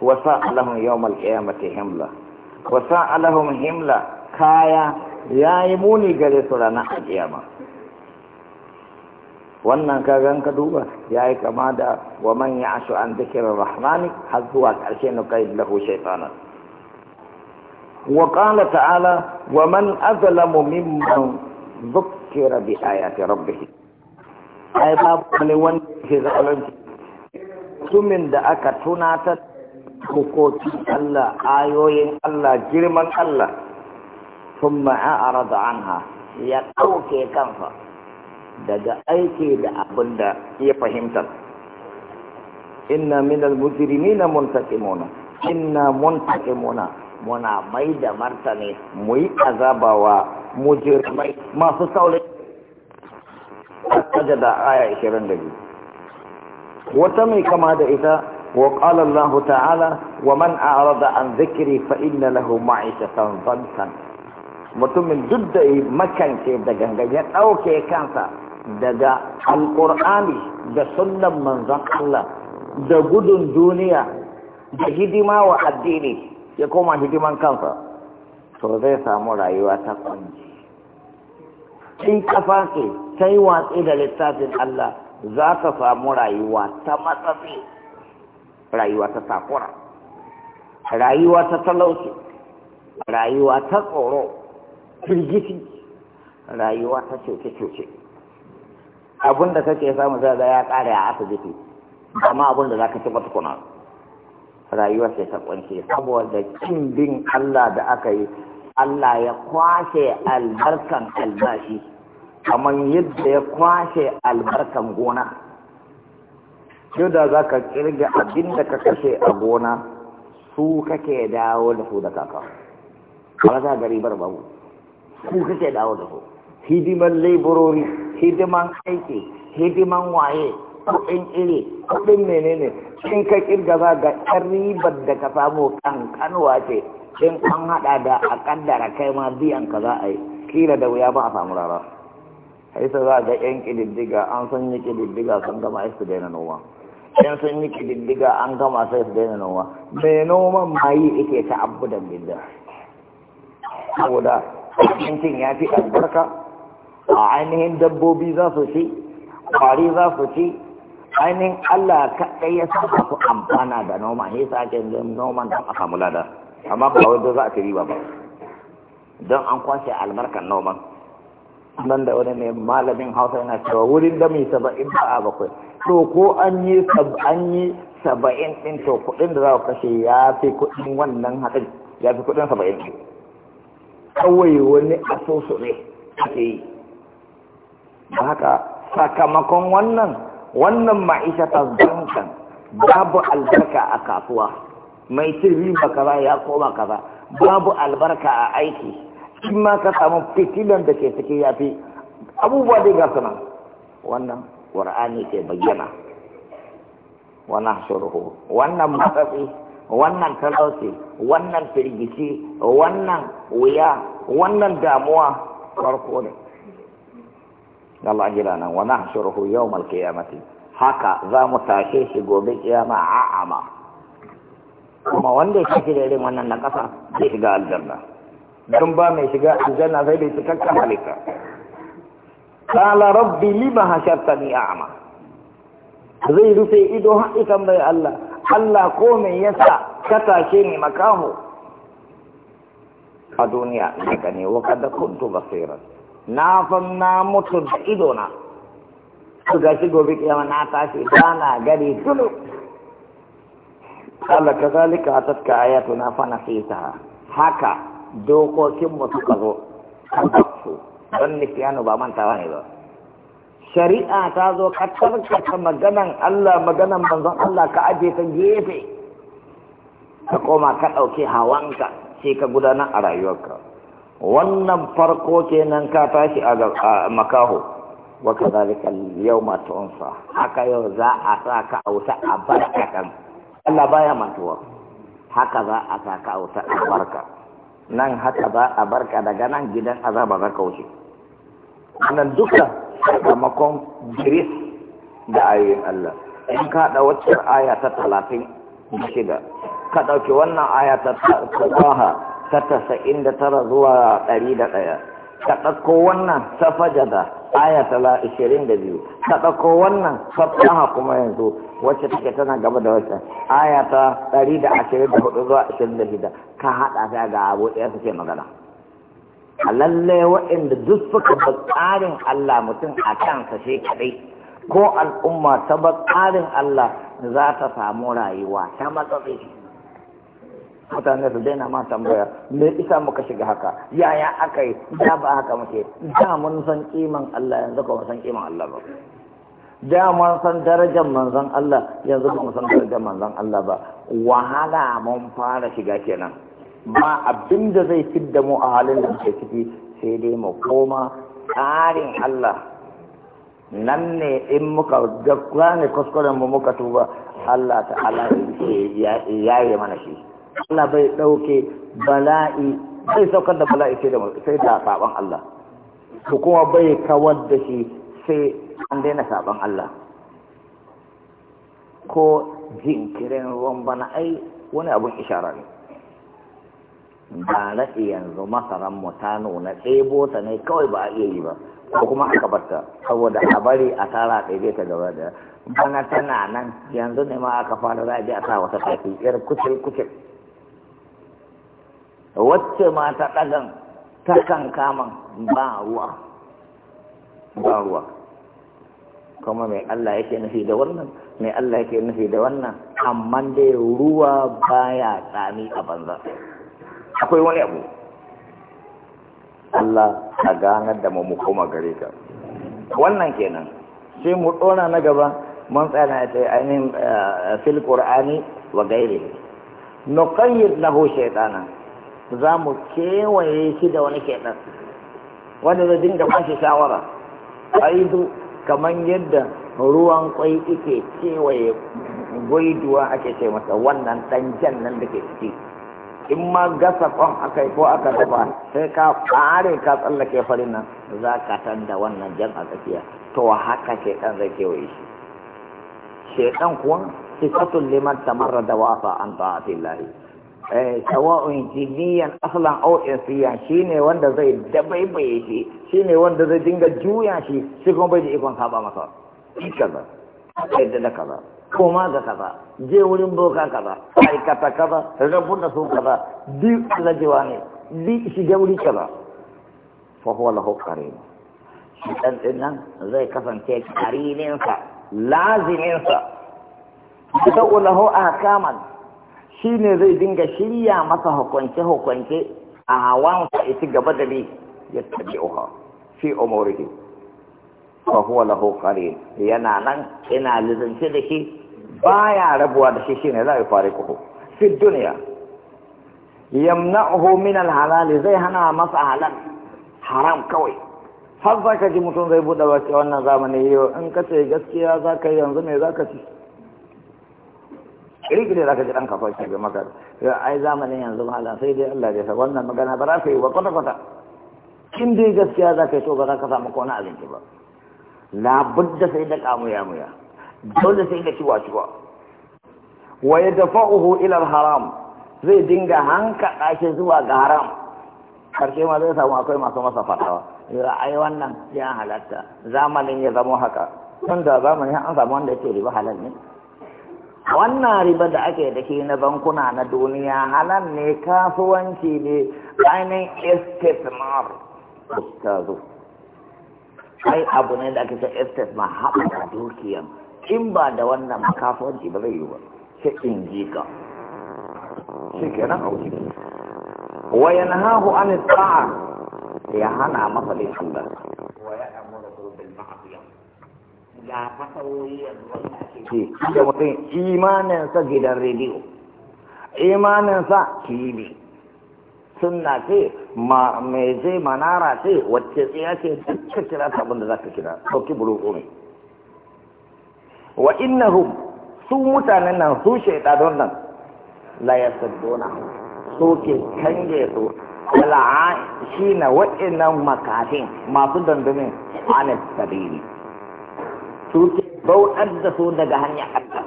wasa alahun yawmal qiyamati himla wasa alahun himla kaya ya yi muni gare su ranar alƙiyama wannan kagan ka duba ya yi kama da wa manya ya ashu an rahmani har zuwa ƙarshe na kai lahu shaitanar wa Waƙala ta'ala wa man azalamu mimman zukira bi ayati rabbih ai babu wani wanda ke zalunci Tumin da aka tunatar hukoki Allah ayoyin Allah girman Allah ثم anha ya ɗauke kansa daga aiki da abin da ya fahimta inna minal na muntakimuna inna muntakimuna muna mai da martani mu yi azaba wa mujrimai masu saurin kaje da aya 22 wata mai kama da ita wa qala Allah ta'ala wa man a'rada an zikiri fa inna lahu ma'ishatan mutumin duk da yi makance da gangan ya ɗauke kansa daga alƙur'ani da sunan manzon Allah da gudun duniya da hidima wa addini ya koma hidiman kansa to zai samu rayuwa ta kwanci in kafa ce ta yi watsi da littafin Allah za ka samu rayuwa ta matsatsi rayuwa ta takura rayuwa ta talauci rayuwa ta tsoro firgiti rayuwa ta coce-coce. Abun da kake samu zai ya kare a asibiti amma abun da za ka ci matukuna rayuwa sai ta kwanci saboda kin bin Allah da aka yi Allah ya kwashe albarkan albashi kamar yadda ya kwashe albarkan gona yau da za ka kirga abin da ka kashe a gona su kake dawo da su da kaka ba za gari bar babu ku kake dawo da ku hidiman laborori hidiman aiki hidiman waye kuɗin iri kuɗin menene in ka kirgaza ga ribar da ka samu kankanuwa ce in an haɗa da a ƙaddara kai ma biyan ka za a yi Kira da wuya ba a samu rara sai za ga yan ƙididdiga an san yi ƙididdiga sun gama su daina noma yan sun yi ƙididdiga an gama sai su daina noma mai noman ma yi ike ta abu da bidda saboda cin ya fi albarka a ainihin dabbobi za su ci ƙwari za su ci ainihin Allah kaɗai ya san su amfana da noma ne sa ake noman don a samu lada amma ba wanda za a ci riba ba don an kwashe albarkar noman nan da wani ne malamin hausa yana cewa wurin da mai saba'in ba a bakwai to ko an yi an yi saba'in ɗin to kuɗin da za ku kashe ya fi kuɗin wannan haɗin ya fi kuɗin saba'in ɗin kawai wani asusu ne ake yi ba haka sakamakon wannan wannan ma'isha ta zankan babu albarka a kasuwa mai cin ba kaza ya koma kaza babu albarka a aiki in ma ka samu fitilan da ke ciki ya fi abubuwa dai ga suna wannan ƙur'ani ke bayyana wannan shuruhu wannan matsatsi wannan talauci wannan firgici wannan wuya wannan damuwa farko ne Allah jira nan wa nahshuruhu yawmal qiyamati haka za mu tashe shi gobe kiyama a'ama kuma wanda ya kashi da irin wannan na kasa zai shiga aljanna don ba mai shiga aljanna sai bai cikakken halitta qala rabbi lima hashartani a'ama zai rufe ido har ikan bai Allah Allah ko me yasa ka tashe ni makaho a duniya daga ne wa kada kuntu basiran na san na mutu da ido na su ga shi gobe kiyama na tashi ba na gari dulu Allah ka zalika a tatka ayatu na fana ta. haka dokokin mu suka zo kan su don nufiyanu ba mantawa ne ba shari'a ta zo ka tarkata maganan Allah maganan manzon Allah ka aje ta gefe ka koma ka ɗauki hawanka sai ka gudanar a rayuwarka wannan farko kenan ka tashi a makaho wa zalika yau yawma tunsa haka yau za a sa ka a wuta a barka kan Allah baya matuwa haka za a sa ka a wuta a barka nan haka za a barka daga nan gidan azaba za ka wuce wannan duka sakamakon jiris da ayoyin Allah in ka haɗa waccan aya ta talatin da shida ka ɗauki wannan aya ta tsaha ta tasa'in da tara zuwa ɗari da ɗaya ka ɗauko wannan ta fajada aya ta la ishirin da biyu ka ɗauko wannan tsaha kuma yanzu wacce take tana gaba da wacce aya ta ɗari da ashirin da hudu zuwa ashirin da shida ka haɗa ta ga abu ɗaya suke magana. a lalle waɗanda duk suka ba tsarin Allah mutum a kansa shi kaɗai ko al'umma ta ba tsarin Allah za ta samu rayuwa ta matsatsi mutane su daina ma tambaya me isa muka shiga haka yaya aka yi da ba haka muke da mun san kiman Allah yanzu kuma san kiman Allah ba da mun san darajar manzon Allah yanzu ba san darajar manzon Allah ba wahala mun fara shiga kenan ba abin da zai fidda mu a halin da muke ciki sai dai mu koma tsarin Allah nan ne in muka gane kuskuren mu muka tuba Allah ta'ala ya yi mana shi Allah bai ɗauke bala'i bai saukar da bala'i sai da saban Allah ko kuma bai kawar da shi sai an daina saban Allah ko jinkirin ruwan bana ai wani abun ishara ne ba raɗi yanzu masaran ta nuna ɗebo ta ne kawai ba a iya yi ba ko kuma aka barta saboda a bari a tara ɗebe ta gaba da bana tana nan yanzu ne ma aka fara za a je a sa wata tafi yar kucil kucil wacce ma ta ɗagan ta kan kaman ba ruwa ba ruwa kuma mai Allah yake nufi da wannan mai Allah yake nufi da wannan amma dai ruwa baya tsami a banza akwai wani abu Allah a ganar da mu koma gare ka wannan kenan sai mu dora na gaba mun tsana ta ainihin eh, fil qur'ani wa gairi nuqayyid lahu shaytana za mu kewaye shi da wani shaytan wanda zai dinga bashi shawara aidu kaman yadda ruwan kwai yake kewaye gwaiduwa ake ce masa wannan dan jan nan da ke ciki in ma gasa kwan aka yi ko aka dafa sai ka ƙare ka tsallake farin nan za ka tan da wannan jan a tsakiya to haka ke dan zai kewaye shi shekan kuwa sifatun liman tamarra da wasa an eh sawa'un jiniyan aslan au insiyan shine wanda zai dabaibaye shi shine wanda zai dinga juya shi shi kuma bai da ikon saba masa kaza sai da kaza koma ga kaza je wurin boka kaza aikata kaza rabu da su kaza duk alajewa ne duk shiga wuri kaza fa huwa lahu qarin shi dan nan zai kasance karimin sa lazimin sa wala lahu ahkaman shine zai dinga shirya masa hukunce hukunce a hawan sa ita gaba da ni. ya tabi'uha fi umurihi fa huwa lahu qarin yana nan ina lizance da shi baya rabuwa da shi shine la yufariquhu fi duniya. yamna'uhu min al zai hana masa halal haram kawai har za ka ji mutum zai buɗe baki wannan zamani yau in ka ce gaskiya za ka yi yanzu me za ka ci kirkire za ka ji ɗan kafa shi ga maka ai zamanin yanzu malam sai dai Allah ya sa wannan magana ba za ka yi ba kwata-kwata kin dai gaskiya za ka yi to ba za ka samu kona abinci ba labudda sai da kamuya-muya dole sai da wa shuwa wa ya uhu ilar haram zai dinga hanka shi zuwa ga haram karshe ma zai samu akwai masu masa fatawa ai wannan ya halatta zamanin ya zama haka tun da zamanin an samu wanda yake riba halal ne wannan riba da ake da shi na bankuna na duniya halal ne kasuwanci ne ainihin istismar zo ai abu ne da ake ce istismar haɓaka dukiyan in ba da wannan makafanci ba zai yi ba sai in ji ka shi ke nan auki wayan hahu an ta'a ya hana masa da shi ba ya amuru bil ma'siyah ga fasawoyi yanzu wanda ake ce da mutum imaninsa gidan rediyo imaninsa tv sunna ce mai zai manara ce wacce tsaya ce duk kira abin da za ka kira sauki bulu ne wa innahum su mutanen nan su shaitanun nan la yasudduna su ke kange su wala shi na waɗannan makafin masu dandumin anis sabiri su ke bautar da su daga hanyar Allah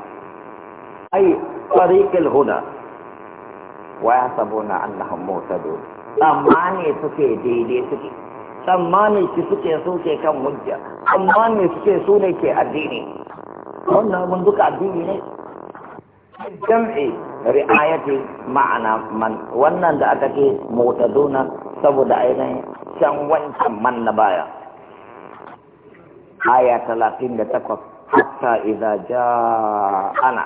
ai tariqil huda wa yasabuna annahum muhtadun tsammani suke daidai suke tsammani ki suke suke kan hujja tsammani suke su ne ke addini wannan abun duka addini ne jam'i ri'ayati ma'ana man wannan da aka ce mutaduna saboda ainihin can wancan man na baya aya talatin da takwas hatta idza ja ana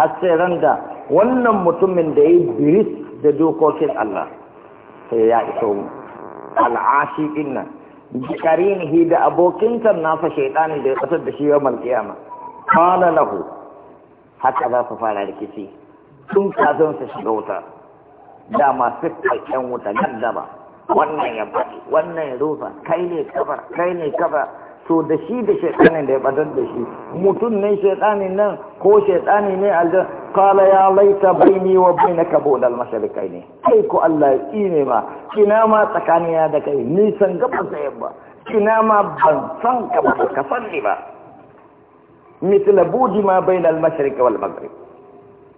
har sai da wannan mutumin da ya yi biris da dokokin Allah sai ya iso mu nan bikarinihi da abokinsa nasa shaidani da ya kasar da shi yau malkiyama kala lahu haka za su fara rikici sun kazan su shiga wuta dama su kalken wuta ba, wannan ya faɗi wannan ya rufa kai ne kafa. kai ne to da shi da shaitanin da ya badar da shi mutum ne shaitanin nan ko shaitani ne aljan kala ya laita bai ne wa bai kabo da almasharikai ne kai ko Allah ya ne ma kina ma tsakanina da kai nisan gaba da yabba. kina ma ban san ka ba ka san ni ba mitila buji ma bai na almasharikai wal maghrib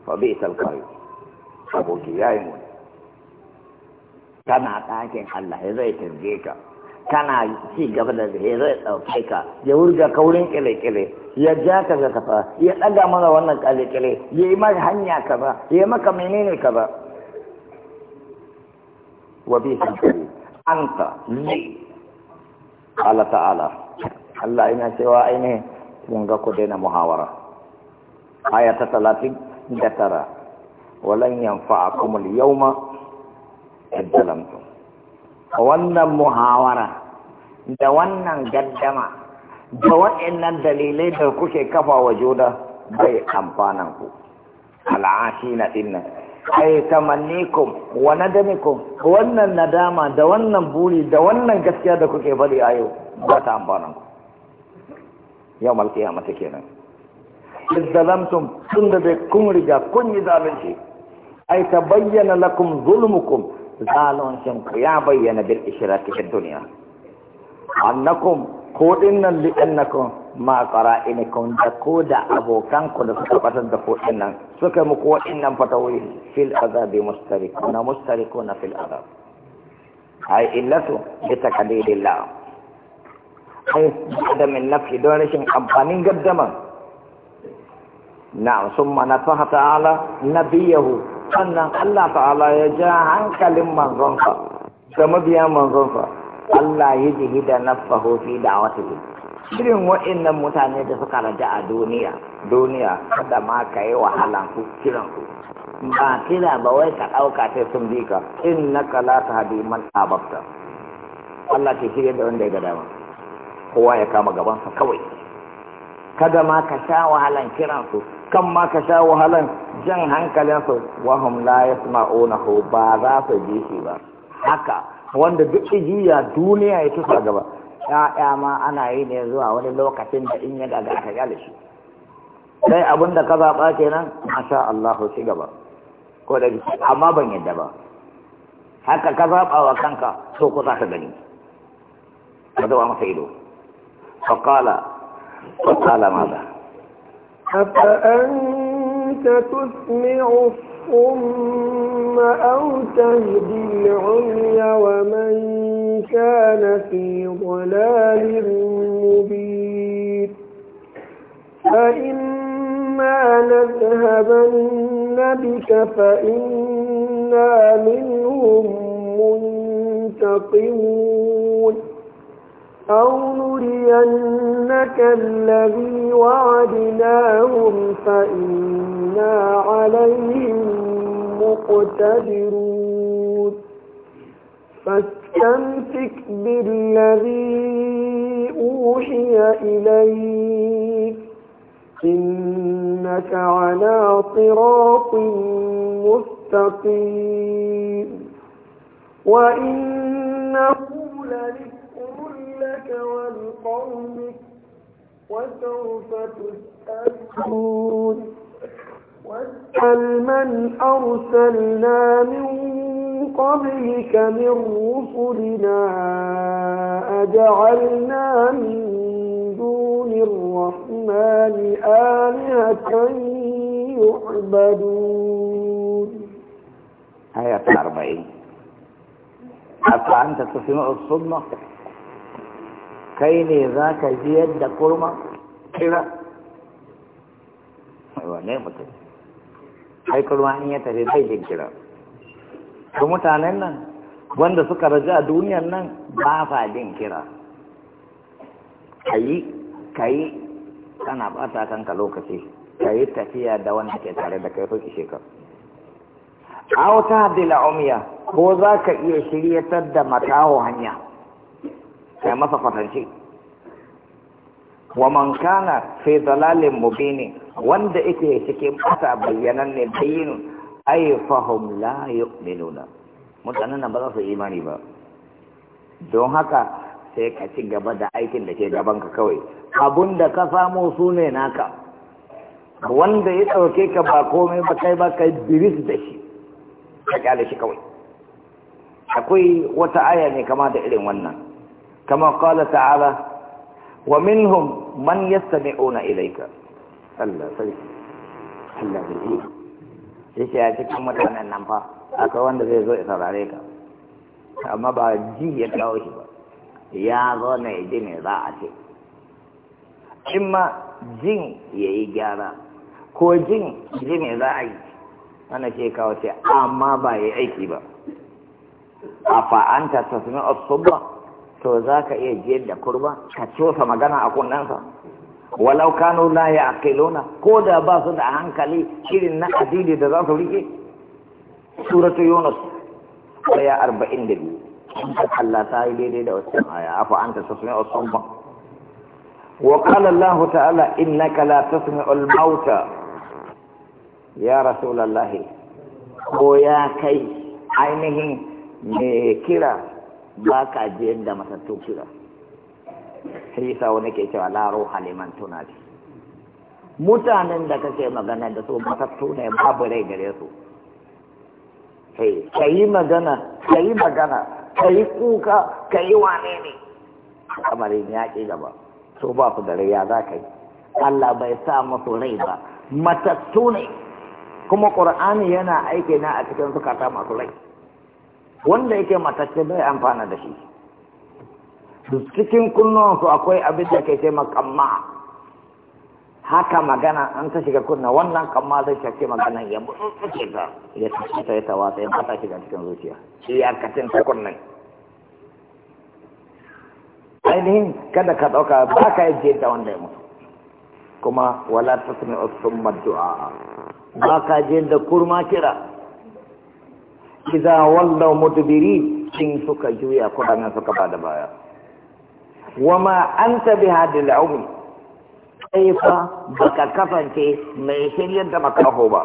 fa bai salkari Aboki ya yi mu kana ɗakin Allah ya zai tarbe ka kana ci gaba da zai zai ɗauke ka ya wurga kaurin kele-kele ya ja ka ga kafa ya ɗaga mana wannan kale-kele ya yi maka hanya ba ya yi maka menene ba wa bi sabri anta Ni Allah ta'ala Allah ina cewa aine. mun ga ku daina muhawara aya ta talatin da tara walan yanfa'akum al-yawma in wannan muhawara da wannan gaddama da waɗannan dalilai da kuke kafa wa juna bai amfanan ku na dinnan ay tamannikum wa nadamikum wannan nadama da wannan buri da wannan gaskiya da kuke bari a yau ba ta amfanan ku yau mata kenan izzalamtum tun da bai kun riga kun yi zalunci ta bayyana lakum zulmukum zalunci ya bayyana bil ishraki fid dunya annakum ko dinnan li annakum ma qara'inikum da ko da abokan ku da suka batar da ko dinnan suka muku waɗannan fatawoyi fil azabi mustarikuna mustarikuna fil azab ay illatu bi takdidillah ay da min nafi don rashin amfanin gaddaman na'am summa nafaha ta'ala nabiyahu sannan Allah ta'ala ya ja hankalin manzonsa da mabiya manzonsa Allah ya fahofi da wata yi. da'awatihi irin wa'annan mutane da suka raja a duniya duniya kada ma ka yi wahala ku kiran ku ba kira ba wai ka ɗauka sai sun bi ka na innaka la hadi man Ababta? Allah ke shirye da wanda ya gada dama kowa ya kama gabansa kawai kada ma ka sha wahalan kiransu kan ma ka sha wahalan jan hankalinsu wahum la yasma'unahu ba za su ji shi ba haka wanda duk igiya duniya ya tusa gaba ya'ya ma ana yi ne zuwa wani lokacin da in ya gaga aka gale shi sai abin da ka zaɓa kenan masha Allah ci gaba ko da amma ban yadda ba haka ka zaɓa wa kanka so ku za ka gani ka zuwa masa ido faƙala faƙala maza أفأنت تسمع ثم تهدي بالعليا ومن كان في ضلال مبين فإما نذهبن بك فإنا منهم منتقمون أو نرينك الذي وعدناهم فإنا عليهم مقتدرون فاستمسك بالذي أوحي إليك إنك على صراط مستقيم وإنه لذكر ولقومك وسوف تسألون واسأل من أرسلنا من قبلك من رسلنا أجعلنا من دون الرحمن آلهة يعبدون آية 40 أفأنت تسمع الصدمة kai ne za ka ji yadda kurma kira wane mutum Kai kurma in ya tafi bai jin kira su mutanen nan wanda suka raja a duniyar nan ba fa jin kira kayi kayi kana bata kanka lokaci kayi tafiya da wanda ke tare da kai soki shekaru a wata dila umiya ko za ka iya shiryatar da makaho hanya saya masa kwatance wa man kana fi dalalin mubini wanda yake cikin fata bayyanan ne bayin ay fahum la yu'minuna mutanen nan ba za su imani ba don haka sai ka ci gaba da aikin da ke gaban ka kawai abun da ka samu sune naka wanda ya ɗauke ka ba komai ba kai ba kai biris da shi ka kyale shi kawai akwai wata aya ne kama da irin wannan كما قال تعالى ومنهم من يستمعون إليك الله سيد الله بالإيه cikin mutanen nan fa wanda zai zo ya ka amma ba ji ya kawo shi ba ya zo na yi ne za a ce in ma jin ya yi gyara ko jin ji ne za a yi ana ce kawo ce amma ba ya aiki ba a fa'anta ta to za ka iya jiyar da kurba ka cosa magana a kunnansa walau kano la ya akilona ko da ba su da hankali irin na addini da za su rike suratu yunus aya arba'in da biyu Allah ta yi daidai da wasu aya afa an ta sasmi a somban wa kala Allah ta'ala innaka la al mauta ya lallahi. ko ya kai ainihin me kira ba ka ji yadda matattu kira sai yi sawo ke cewa laro haliman ne. mutanen da kake magana da su matattu ne babu rai gare su ka yi magana ka yi magana ka yi kuka ka yi wane ne kamarin ya ƙi gaba so ba ku da rai ya za ka yi Allah bai sa masu rai ba matattu ne kuma ƙur'ani yana aiki na a cikin ta masu rai wanda yake matacce bai amfana da shi cikin kunnuwansu akwai abin da ke taimaka makamma haka magana an ta shiga kunna wannan kamma zai shafi magana ya mutsuke ta ya tashi ta ya tawata ya mata shiga cikin zuciya ya iyakacin ta kunnan ainihin kada ka ɗauka ba ka yi jeta wanda ya mutu kuma wala ta sami usumar du'a ba ka jeta kurma kira idza wallaw biri in suka juya kudangan suka bada baya wama anta bihadil umi kai fa baka kasance mai shiryar da makaho ba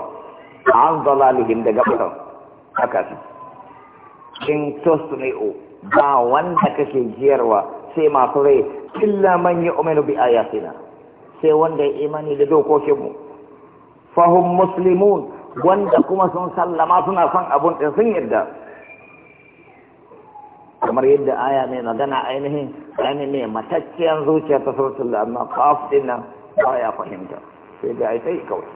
an dalalihim daga bakan haka su in o ba wanda kake jiyarwa sai masu rai illa man yu'minu bi ayatina sai wanda ya imani da dokokin mu muslimun wanda kuma sun sallama suna son abun ɗin sun yarda kamar yadda aya mai magana ainihin ainihin mai matakkiyar zuciya ta sautin da amma kaf din nan ba ya fahimta sai ga ita yi kawai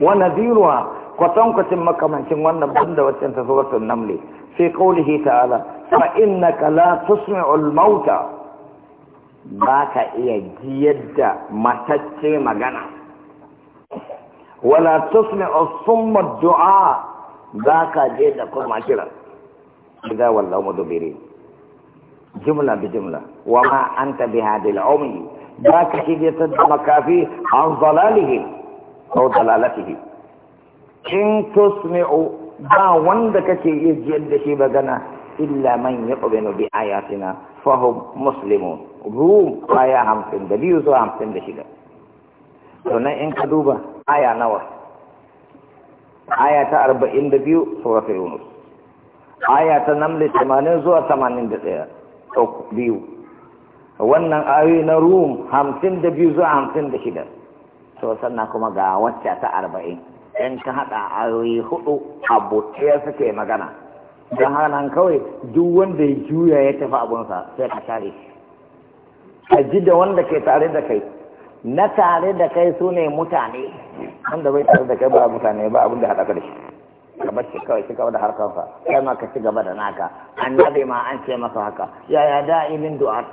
wannan ziruwa kwatankwacin makamancin wannan banda waccan ta sautin namle sai kaulihi ta'ala fa innaka la tusmi'ul mauta ba ka iya ji yadda matacce magana ولا تصنع الصم الدعاء ذاك جيد قرما كرا إذا والله مدبرين جملة بجملة وما أنت بهذه العمي ذاك كيد يتدمك في عن ضلاله أو ضلالته إن تصنع با وندك كي يجد شي بغنا إلا من يؤمن بآياتنا فهم مسلمون روم آية هم سندليوزو هم سندشي لك إن كدوبا aya nawa aya ta arba'in da biyu surat yunus aya ta namli tamanin zuwa tamanin da ɗaya biyu wannan ayoyi na rum hamsin da biyu zuwa hamsin da shida to sannan kuma ga wacce ta arba'in in ka haɗa ayoyi hudu abu ɗaya suke magana don hana kawai duk wanda ya juya ya tafi abunsa sai ka share ka ji da wanda ke tare da kai na tare da kai su ne mutane wanda bai tare da kai ba mutane ba abin da haɗaka da shi ka bar shi kawai shi kawai da harkarsa kai ma ka ci gaba da naka annabi ma an ce masa haka yaya da'imin du'a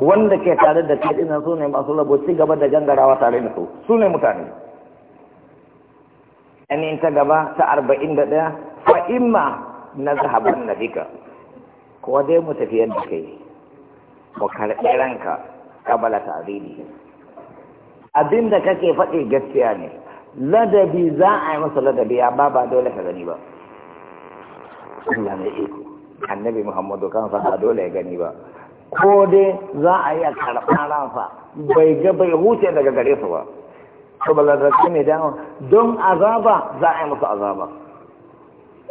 wanda ke tare da kai dinan su ne masu labo ci gaba da gangarawa tare da su su ne mutane ainihin ta gaba ta arba'in da ɗaya fa imma na zahaban na bika ko dai mu tafiyar da kai mu karɓi ranka kabala ta'zimi abinda kake faɗi gaskiya ne ladabi za a yi masa ladabi amma ba dole ka gani ba Allah mai iko annabi Muhammadu kansa ba dole ya gani ba ko dai za a yi a karɓar ransa bai ga bai huce daga gare su ba to balarrace ne dama don azaba za a yi masa azaba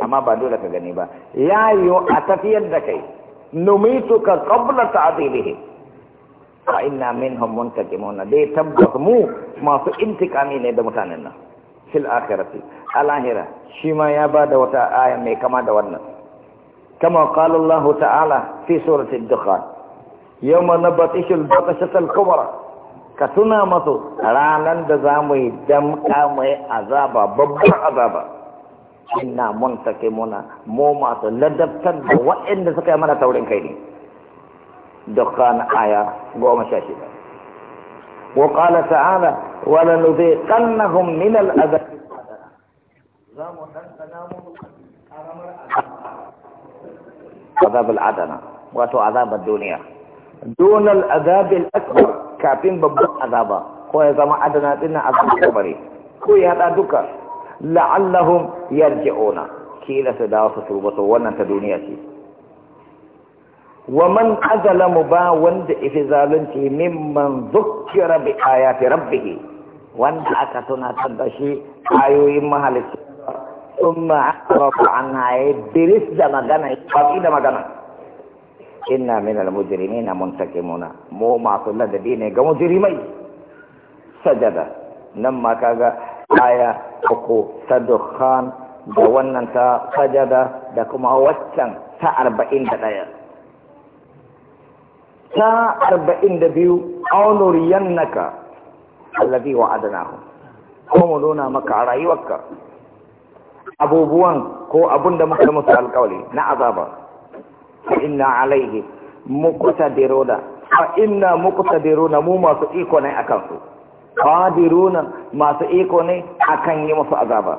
amma ba dole ka gani ba ya yi a tafiyar da kai kabla qabla ta'dilihi fa inna minhum muntakimuna dai tabbas mu masu intikami ne da mutanen nan fil akhirati al akhira shi ma ya bada wata aya mai kama da wannan kama qala Allah ta'ala fi surati ad-dukhan yawma nabatishul batashatal kubra ka tuna masu ranar da zamu yi damka mai azaba babbar azaba inna muntakimuna mu masu ladabtar da waɗanda suka yi mana taurin kai ne دخان آية قوم شاشدة وقال تعالى ولنذيقنهم من الأذى عذاب العدنة واتو عذاب الدنيا دون العذاب الأكبر كافين ببط عذابا هو يزمع عدنا دينا عذاب الكبري هو يهدى دكا لعلهم يرجعون كيلة دعوة سلوبة وننت دنيا شيء wa man azala mu ba wanda ifi zalunci mimman zukkira bi rabi rabbih wanda aka tunatar da shi ayoyin mahalicci thumma aqrafu anha idris da magana faɗi da magana inna min al-mujrimina muntakimuna mu masu ladabi ne dine ga mujrimai sajada nan ma kaga aya uku ta da wannan ta sajada da kuma waccan ta arba'in da ɗaya ta arba'in da biyu aunur yannaka. allabi wa adanahu kuma mu nuna maka a rayuwarka abubuwan ko abun da muka musu alkawali na azaba fa inna alaihi muqtadiruna fa inna muqtadiruna mu masu iko ne akan su qadiruna masu iko ne akan yi musu azaba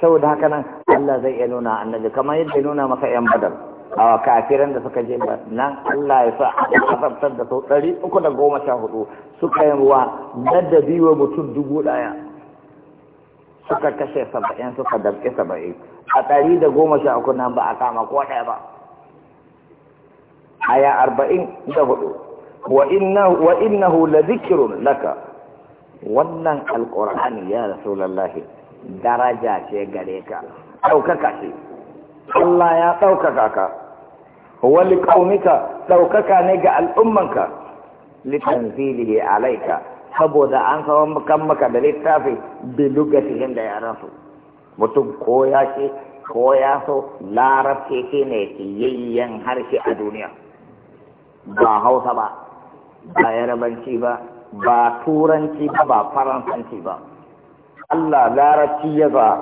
saboda haka nan Allah zai iya nuna annabi kamar yadda nuna masa yan badal a kafiran da suka je nan Allah ya sa aka azabtar da sau ɗari uku da goma sha hudu suka yi ruwa ladabi wa mutum dubu ɗaya suka kashe saba'in suka dabke saba'in a ɗari da goma sha uku nan ba a kama ko ɗaya ba aya arba'in da hudu wa innahu la zikirun laka wannan alƙur'ani ya rasulallahi daraja ce gare ka ɗaukaka ce Allah ya ɗaukaka ka wali ƙaunika ɗaukaka ne ga al'ummanka tanzilihi alaika saboda an samu kan maka da littafi bi lugatihim da yaran su mutum ko ya ce ko ya so larabci ke ne yayyen harshe a duniya ba hausa ba ba yarabanci ba ba turanci ba ba faransanci ba Allah larabci ya ba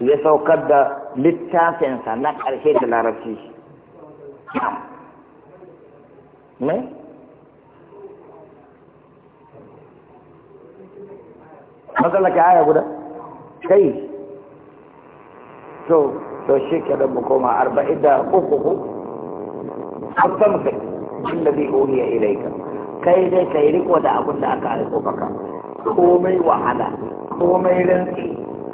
ya saukar da littafinsa na ƙarshe da larabci mai matsalaka aya guda kai to to shi ke da koma arba'in da uku ku hatta muka jin da bi uniya ilaika kai dai kai riko da abin da aka aiko baka. komai wahala komai rantsi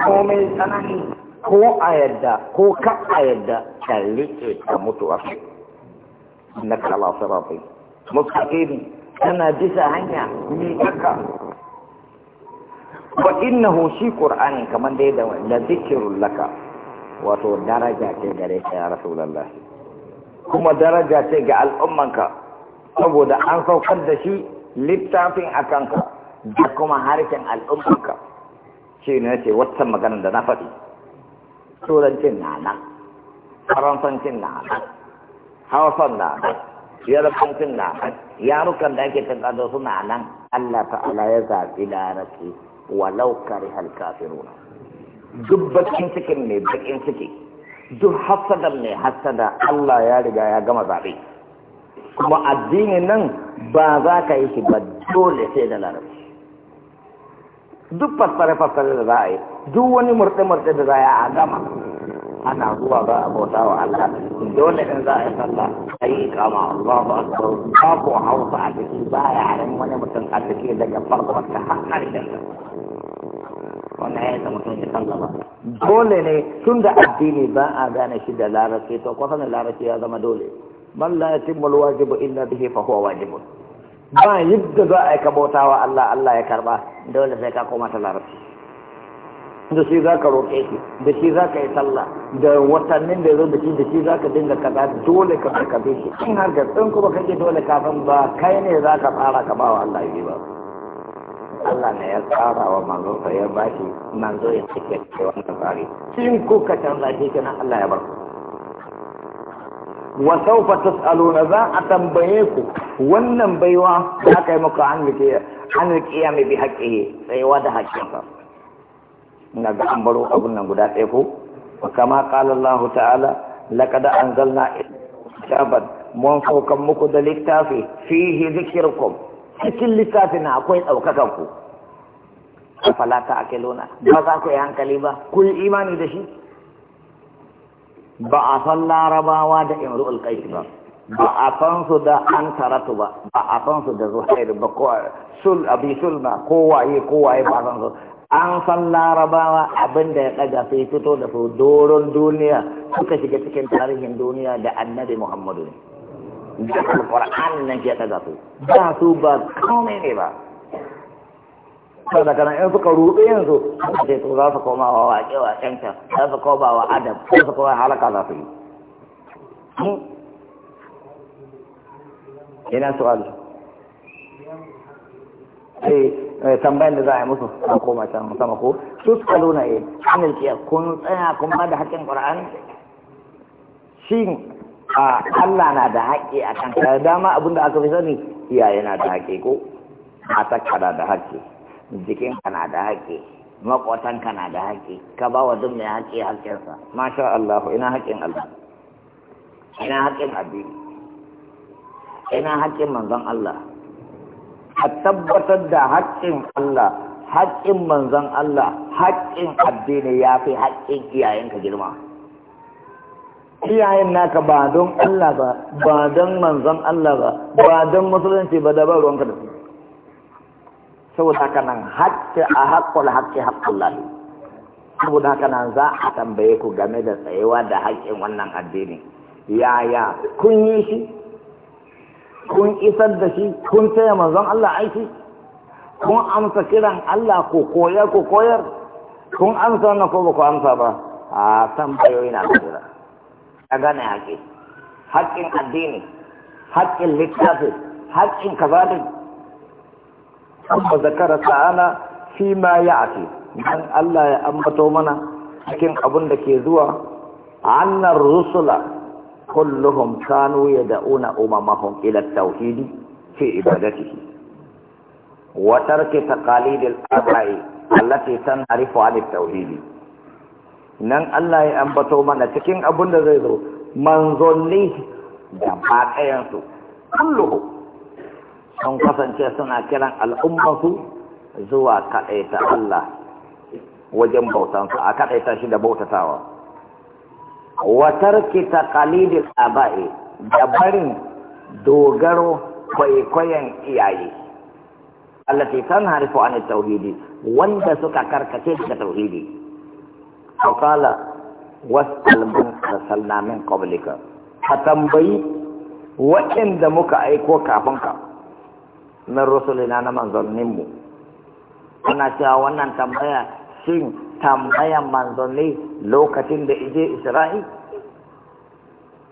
komai sanani. ko a yadda ko ka a yadda ka rike ka mutu a kai innaka ala sirati mustaqim kana bisa hanya ni kaka wa innahu shi qur'ani kaman dai da la zikrul laka wato daraja ce gare ka ya rasulullah kuma daraja ce ga al'ummanka saboda an saukar da shi littafin akanka da kuma harshen al'ummanka shi ne ce wata magana da na faɗi turancin na nan faransancin na nan hausan na nan yarbancin na nan yarukan da ake tankado suna nan Allah ta'ala ya zaɓi larabci walau karihal kafiruna duk bakin cikin mai bakin ciki duk hasadan mai hasada Allah ya riga ya gama zaɓe kuma addini nan ba za ka yi shi ba dole sai da larabci duk fassare-fassare da za a yi duk wani murɗe-murɗe da za a gama ana zuwa ba a bauta wa Allah dole in za a yi sallah a yi kama Allah ba a babu hausa a ciki ba a yaren wani mutum a ciki daga farko ta har da wannan ya yi mutum ya sallah ba dole ne tun da addini ba a gane shi da larabci to kwasanin larabci ya zama dole man la yatimmu alwajibu illa bihi fa huwa wajibun ba yadda za a yi ka bauta wa Allah Allah ya karba dole sai ka koma ta larabci da shi za ka roƙe shi da shi za ka yi sallah da watannin da ya zo da shi da shi za ka dinga kaza dole ka ka bi shi in har ga tsin kuma kake dole kafin ba kai ne za ka fara ka bawa Allah yi ba Allah ne ya tsara wa manzo sa ya ba shi manzo ya cike ce wannan tsari in ko ka canza shi kenan Allah ya bar wa sawfa tusaluna za a tambaye ku wannan baiwa za ka yi muku an rike an rike mai bi haƙƙi tsayawa da haƙƙinsa na ga an baro abun nan guda ɗaya ko kama kala Allah ta'ala laqad anzalna kitaban mun faukan muku da littafi fihi zikirkum cikin littafin akwai ɗaukakan ku afala ta akeluna ba za ku yi hankali ba ku yi imani da shi ba a san larabawa da imru'ul qais ba ba a san su da an taratu ba ba a san su da zuhair ba ko sul abi sulma ko waye ko waye ba san su an san larabawa abin da ya ɗaga sai fito da su doron duniya suka shiga cikin tarihin duniya da annabi muhammadu ne da alƙur'an nan ke ɗaga su ba su ba komai ne ba sau da kanan in suka ruɗu yanzu suka ce to za su koma wa waƙe wa can za su koma wa adam za su koma halaka za su yi hmm? ina su'alu Eh, eh, tambayan da za a yi musu a koma can musamman ko su suka nuna ya eh, hannun kiyar kun tsaya kun ba da haƙƙin shi a Allah na da haƙƙi a kan ka dama abinda aka fi sani iyaye na da haƙƙi ko matakka na da haƙƙi jikinka na da haƙƙi maƙotanka na da haƙƙi ka ba wa duk mai haƙƙi haƙƙinsa masha Allah ina haƙƙin Allah ina haƙƙin addini ina haƙƙin manzon Allah a tabbatar da haƙƙin Allah haƙƙin manzon Allah haƙƙin addini ya fi haƙƙin iyayenka girma iyayen naka ba don Allah ba ba don manzon Allah ba ba don musulunci ba da ba ruwanka da su saboda haka nan haƙƙi a haƙƙul haƙƙi haƙƙul lahi saboda haka nan za a tambaye ku game da tsayewa da haƙƙin wannan addini yaya kun yi shi kun isar da shi kun taya manzon Allah aiki kun amsa kiran Allah ko koyar ko koyar kun amsa wannan ko ba ku amsa ba a tambayoyi na kira a gane haƙi haƙƙin addini haƙƙin littafi haƙƙin kazalin amma zakara ta'ala fi ma ya ake dan Allah ya ambato mana cikin abin da ke zuwa annar rusula kulluhum kanu yad'una umamahum ila at-tauhid fi ibadatihi wa tarki taqalid al-aba'i allati tanharifu 'ala at-tauhid nan Allah ya ambato mana cikin abun da zai zo manzonni da bakayan su kulluhu sun kasance suna kiran al'ummarsu zuwa kaɗaita Allah wajen bautansa a kaɗaita shi da bautatawa ki ta taqalidil aba'i da barin dogaro kwaikwayon iyaye allati tanharifu an tauhidi wanda suka karkace da tauhidi fa kala wasal man arsalna min qablika ka tambayi waɗanda muka aiko kafin ka min rusulina na manzanninmu ana cewa wannan tambaya shin tambayan manzanni lokacin da ije Isra'i?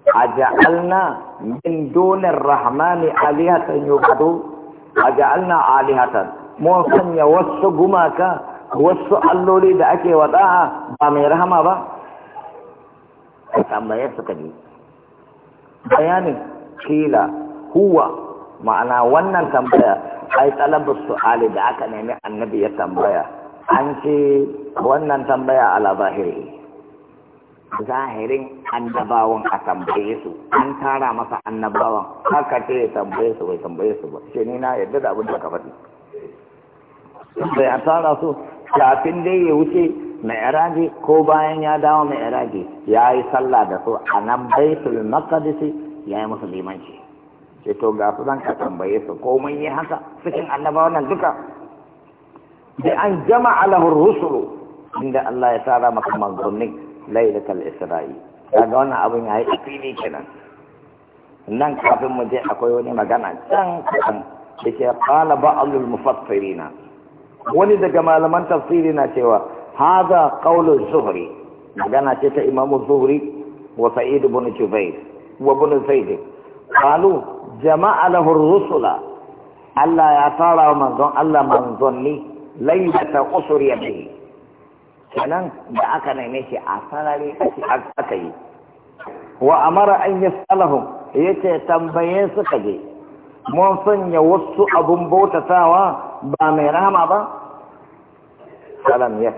A ja'alna min donin rahmani alihatan yubadu, a ja'alna alihatan, mun sanya wasu gumaka, wasu alloli da ake wada'a ba mai rahama ba? Tambayar suka ne. Bayanin kila huwa ma'ana wannan tambaya ai talabar su'ali da aka nemi annabi ya tambaya an ce wannan tambaya a zahiri zahirin annabawan a tambaye su an tara masa annabawan haka ce ya tambaye su bai tambaye su ba shi ni na yadda da abin da ka faɗi sai a tara su kafin dai ya wuce mai iraji ko bayan ya dawo mai iraji ya yi sallah da su a nan da su ya yi musu limanci ce to ga su zan ka tambaye su komai yi haka cikin annabawan nan duka da an jama alahur rusulu inda Allah ya tsara maka manzanni lailatul isra'i kaga wannan abin yayi fili kenan nan kafin mu je akwai wani magana can kan da ke qala ba'dul mufassirina wani daga malaman tafsiri na cewa hadha qawlu zuhri magana ce ta imamu zuhri wa sa'id ibn jubair wa ibn zaid qalu jama'a lahu rusula Allah ya tara manzon Allah manzonni kusur ya bai kenan da aka neme shi a sarari aka yi wa amara an ya ce tambaye su kaje mun sanya wasu abun bautatawa ba mai rama ba salam ya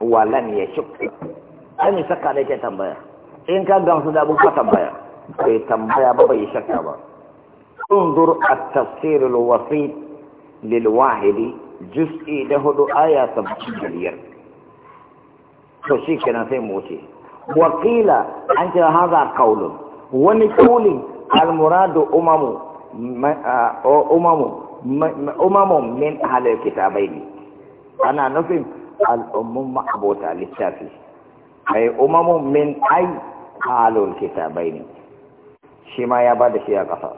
wa lam yashuk ani saka da ke tambaya in ka gamsu da abun ka tambaya bai tambaya ba bai shakka ba انظر التفسير الوسيط للواحد juz'i da hudu aya saba'in da biyar to shi kenan sai mu wuce wakila an ce haza kaulun wani kaulin almuradu umamu umamu umamun min halar kitabai ne ana nufin al'ummun ma'abota littafi ai umamun min ai halar kitabai ne shi ma ya ba da shi a ƙasa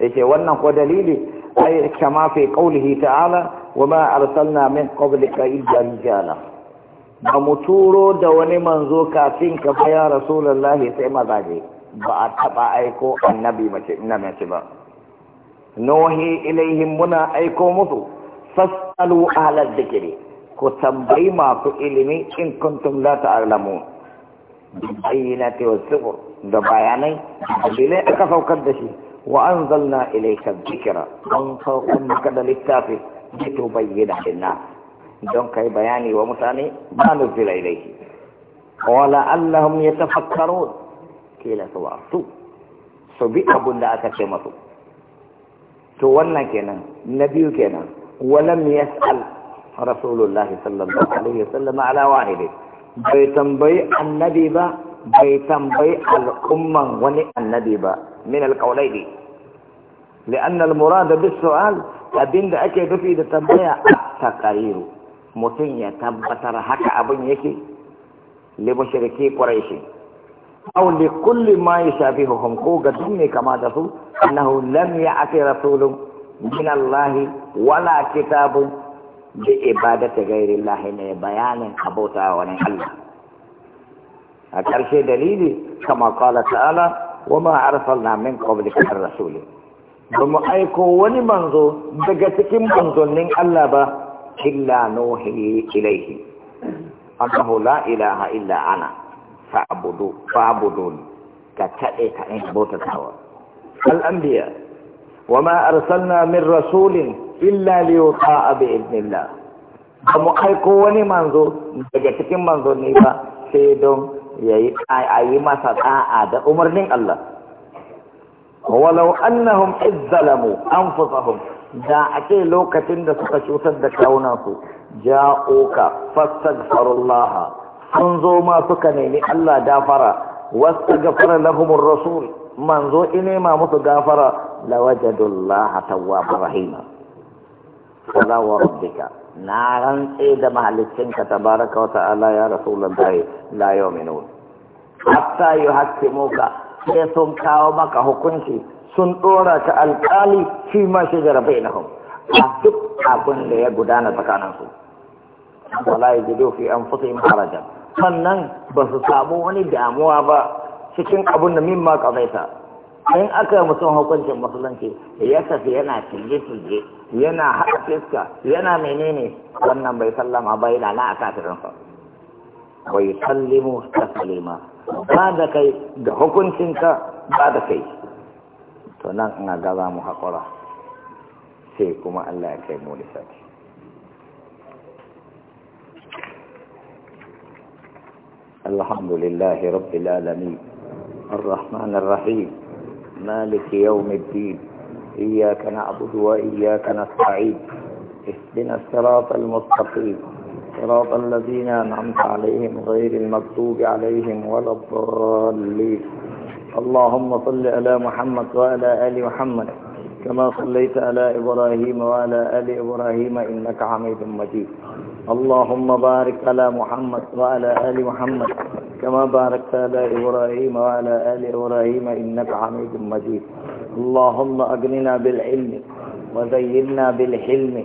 yake wannan ko dalili ai kama fi qaulihi ta'ala Wani ya arsana min kwabdinkar idan biya Ba mu turo da wani manzo kafin kafa ya rasu sai maza ce. Ba a taba aiko a mace ina mace ba. Nohi, ilai muna aiko musu fasalu al'umma halarci kiri. Ku tambayi maku ilimi in kun tumdata alamu. Ayyana tebur tsiɗugo, da bayanai, a bile aka saukar da shi. Wa an zanna ilai An sauka na kada littafi. litubayyana lin-nas don kai bayani wa mutane ba nuzila ilayhi wala allahum yatafakkarun kila su su bi abun da aka ce masu to wannan kenan na biyu kenan walam yas'al rasulullahi sallallahu alaihi wasallam ala wahidi bai tambayi annabi ba bai tambayi al'umman wani annabi ba min alqawlaini لأن المراد بالسؤال Abin da ake nufi da tambaya takariru, mutum ya tabbatar haka abin yake li mushriki quraish aw li kulli ma yashabihuhum ko ga duk mai kama da su annahu lam ake rasulun min Allah wala kitabun bi ibadati ghairi Allah ne bayanin abota wani Allah a ƙarshe dalili kama qala ta'ala wa ma arsalna min qablika ar ba mu aiko wani manzo daga cikin manzonin Allah ba illa nuhi ilaihi annahu la ilaha illa ana fa'budu fa'budun ka tade ka in bautatawa al anbiya wama arsalna min rasulin illa liyuta'a bi idnillah ba mu aiko wani manzo daga cikin manzonni ba sai don yayi ayi masa da'a da umarnin Allah walau annahum izzalamu anfusahum da ake lokacin da suka cutar da su ja'uka fastaghfirullah sun zo ma suka nemi Allah dafara wastaghfara lahumur rasul manzo ine ma musu gafara lawajadullah tawwabur rahim wala wa rabbika na rantse da mahaliccinka tabaraka wa ta'ala ya rasulullahi la yu'minun hatta yuhaqqimuka sai sun kawo maka hukunci sun ɗora ta alƙali shi ma shi da rabai na a duk abin da ya gudana tsakanin su ya jido fi an fusa yi harajan sannan ba su samu wani damuwa ba cikin abin da mimma ƙazaita in aka yi mutum hukuncin musulunci ya tafi yana tilge-tilge yana haɗa fiska yana menene wannan bai sallama ba yana na a kafirinsa bai sallimu ta salima ba da kai da hukuntinta ba da kai tunanin a gaɗa mu haƙura sai kuma allah ya kai munisadi. alhamdulillah rabbi lallami al-rahman ir-rahim mamaki yaume dina iyakan wa iyakan sa'id isbina sarrafa al صراط الذين أنعمت عليهم غير المكتوب عليهم ولا الضالين اللهم صل على محمد وعلى آل محمد كما صليت على إبراهيم وعلى آل إبراهيم إنك حميد مجيد اللهم بارك على محمد وعلى آل محمد كما باركت على إبراهيم وعلى آل إبراهيم إنك حميد مجيد اللهم أغننا بالعلم وزينا بالحلم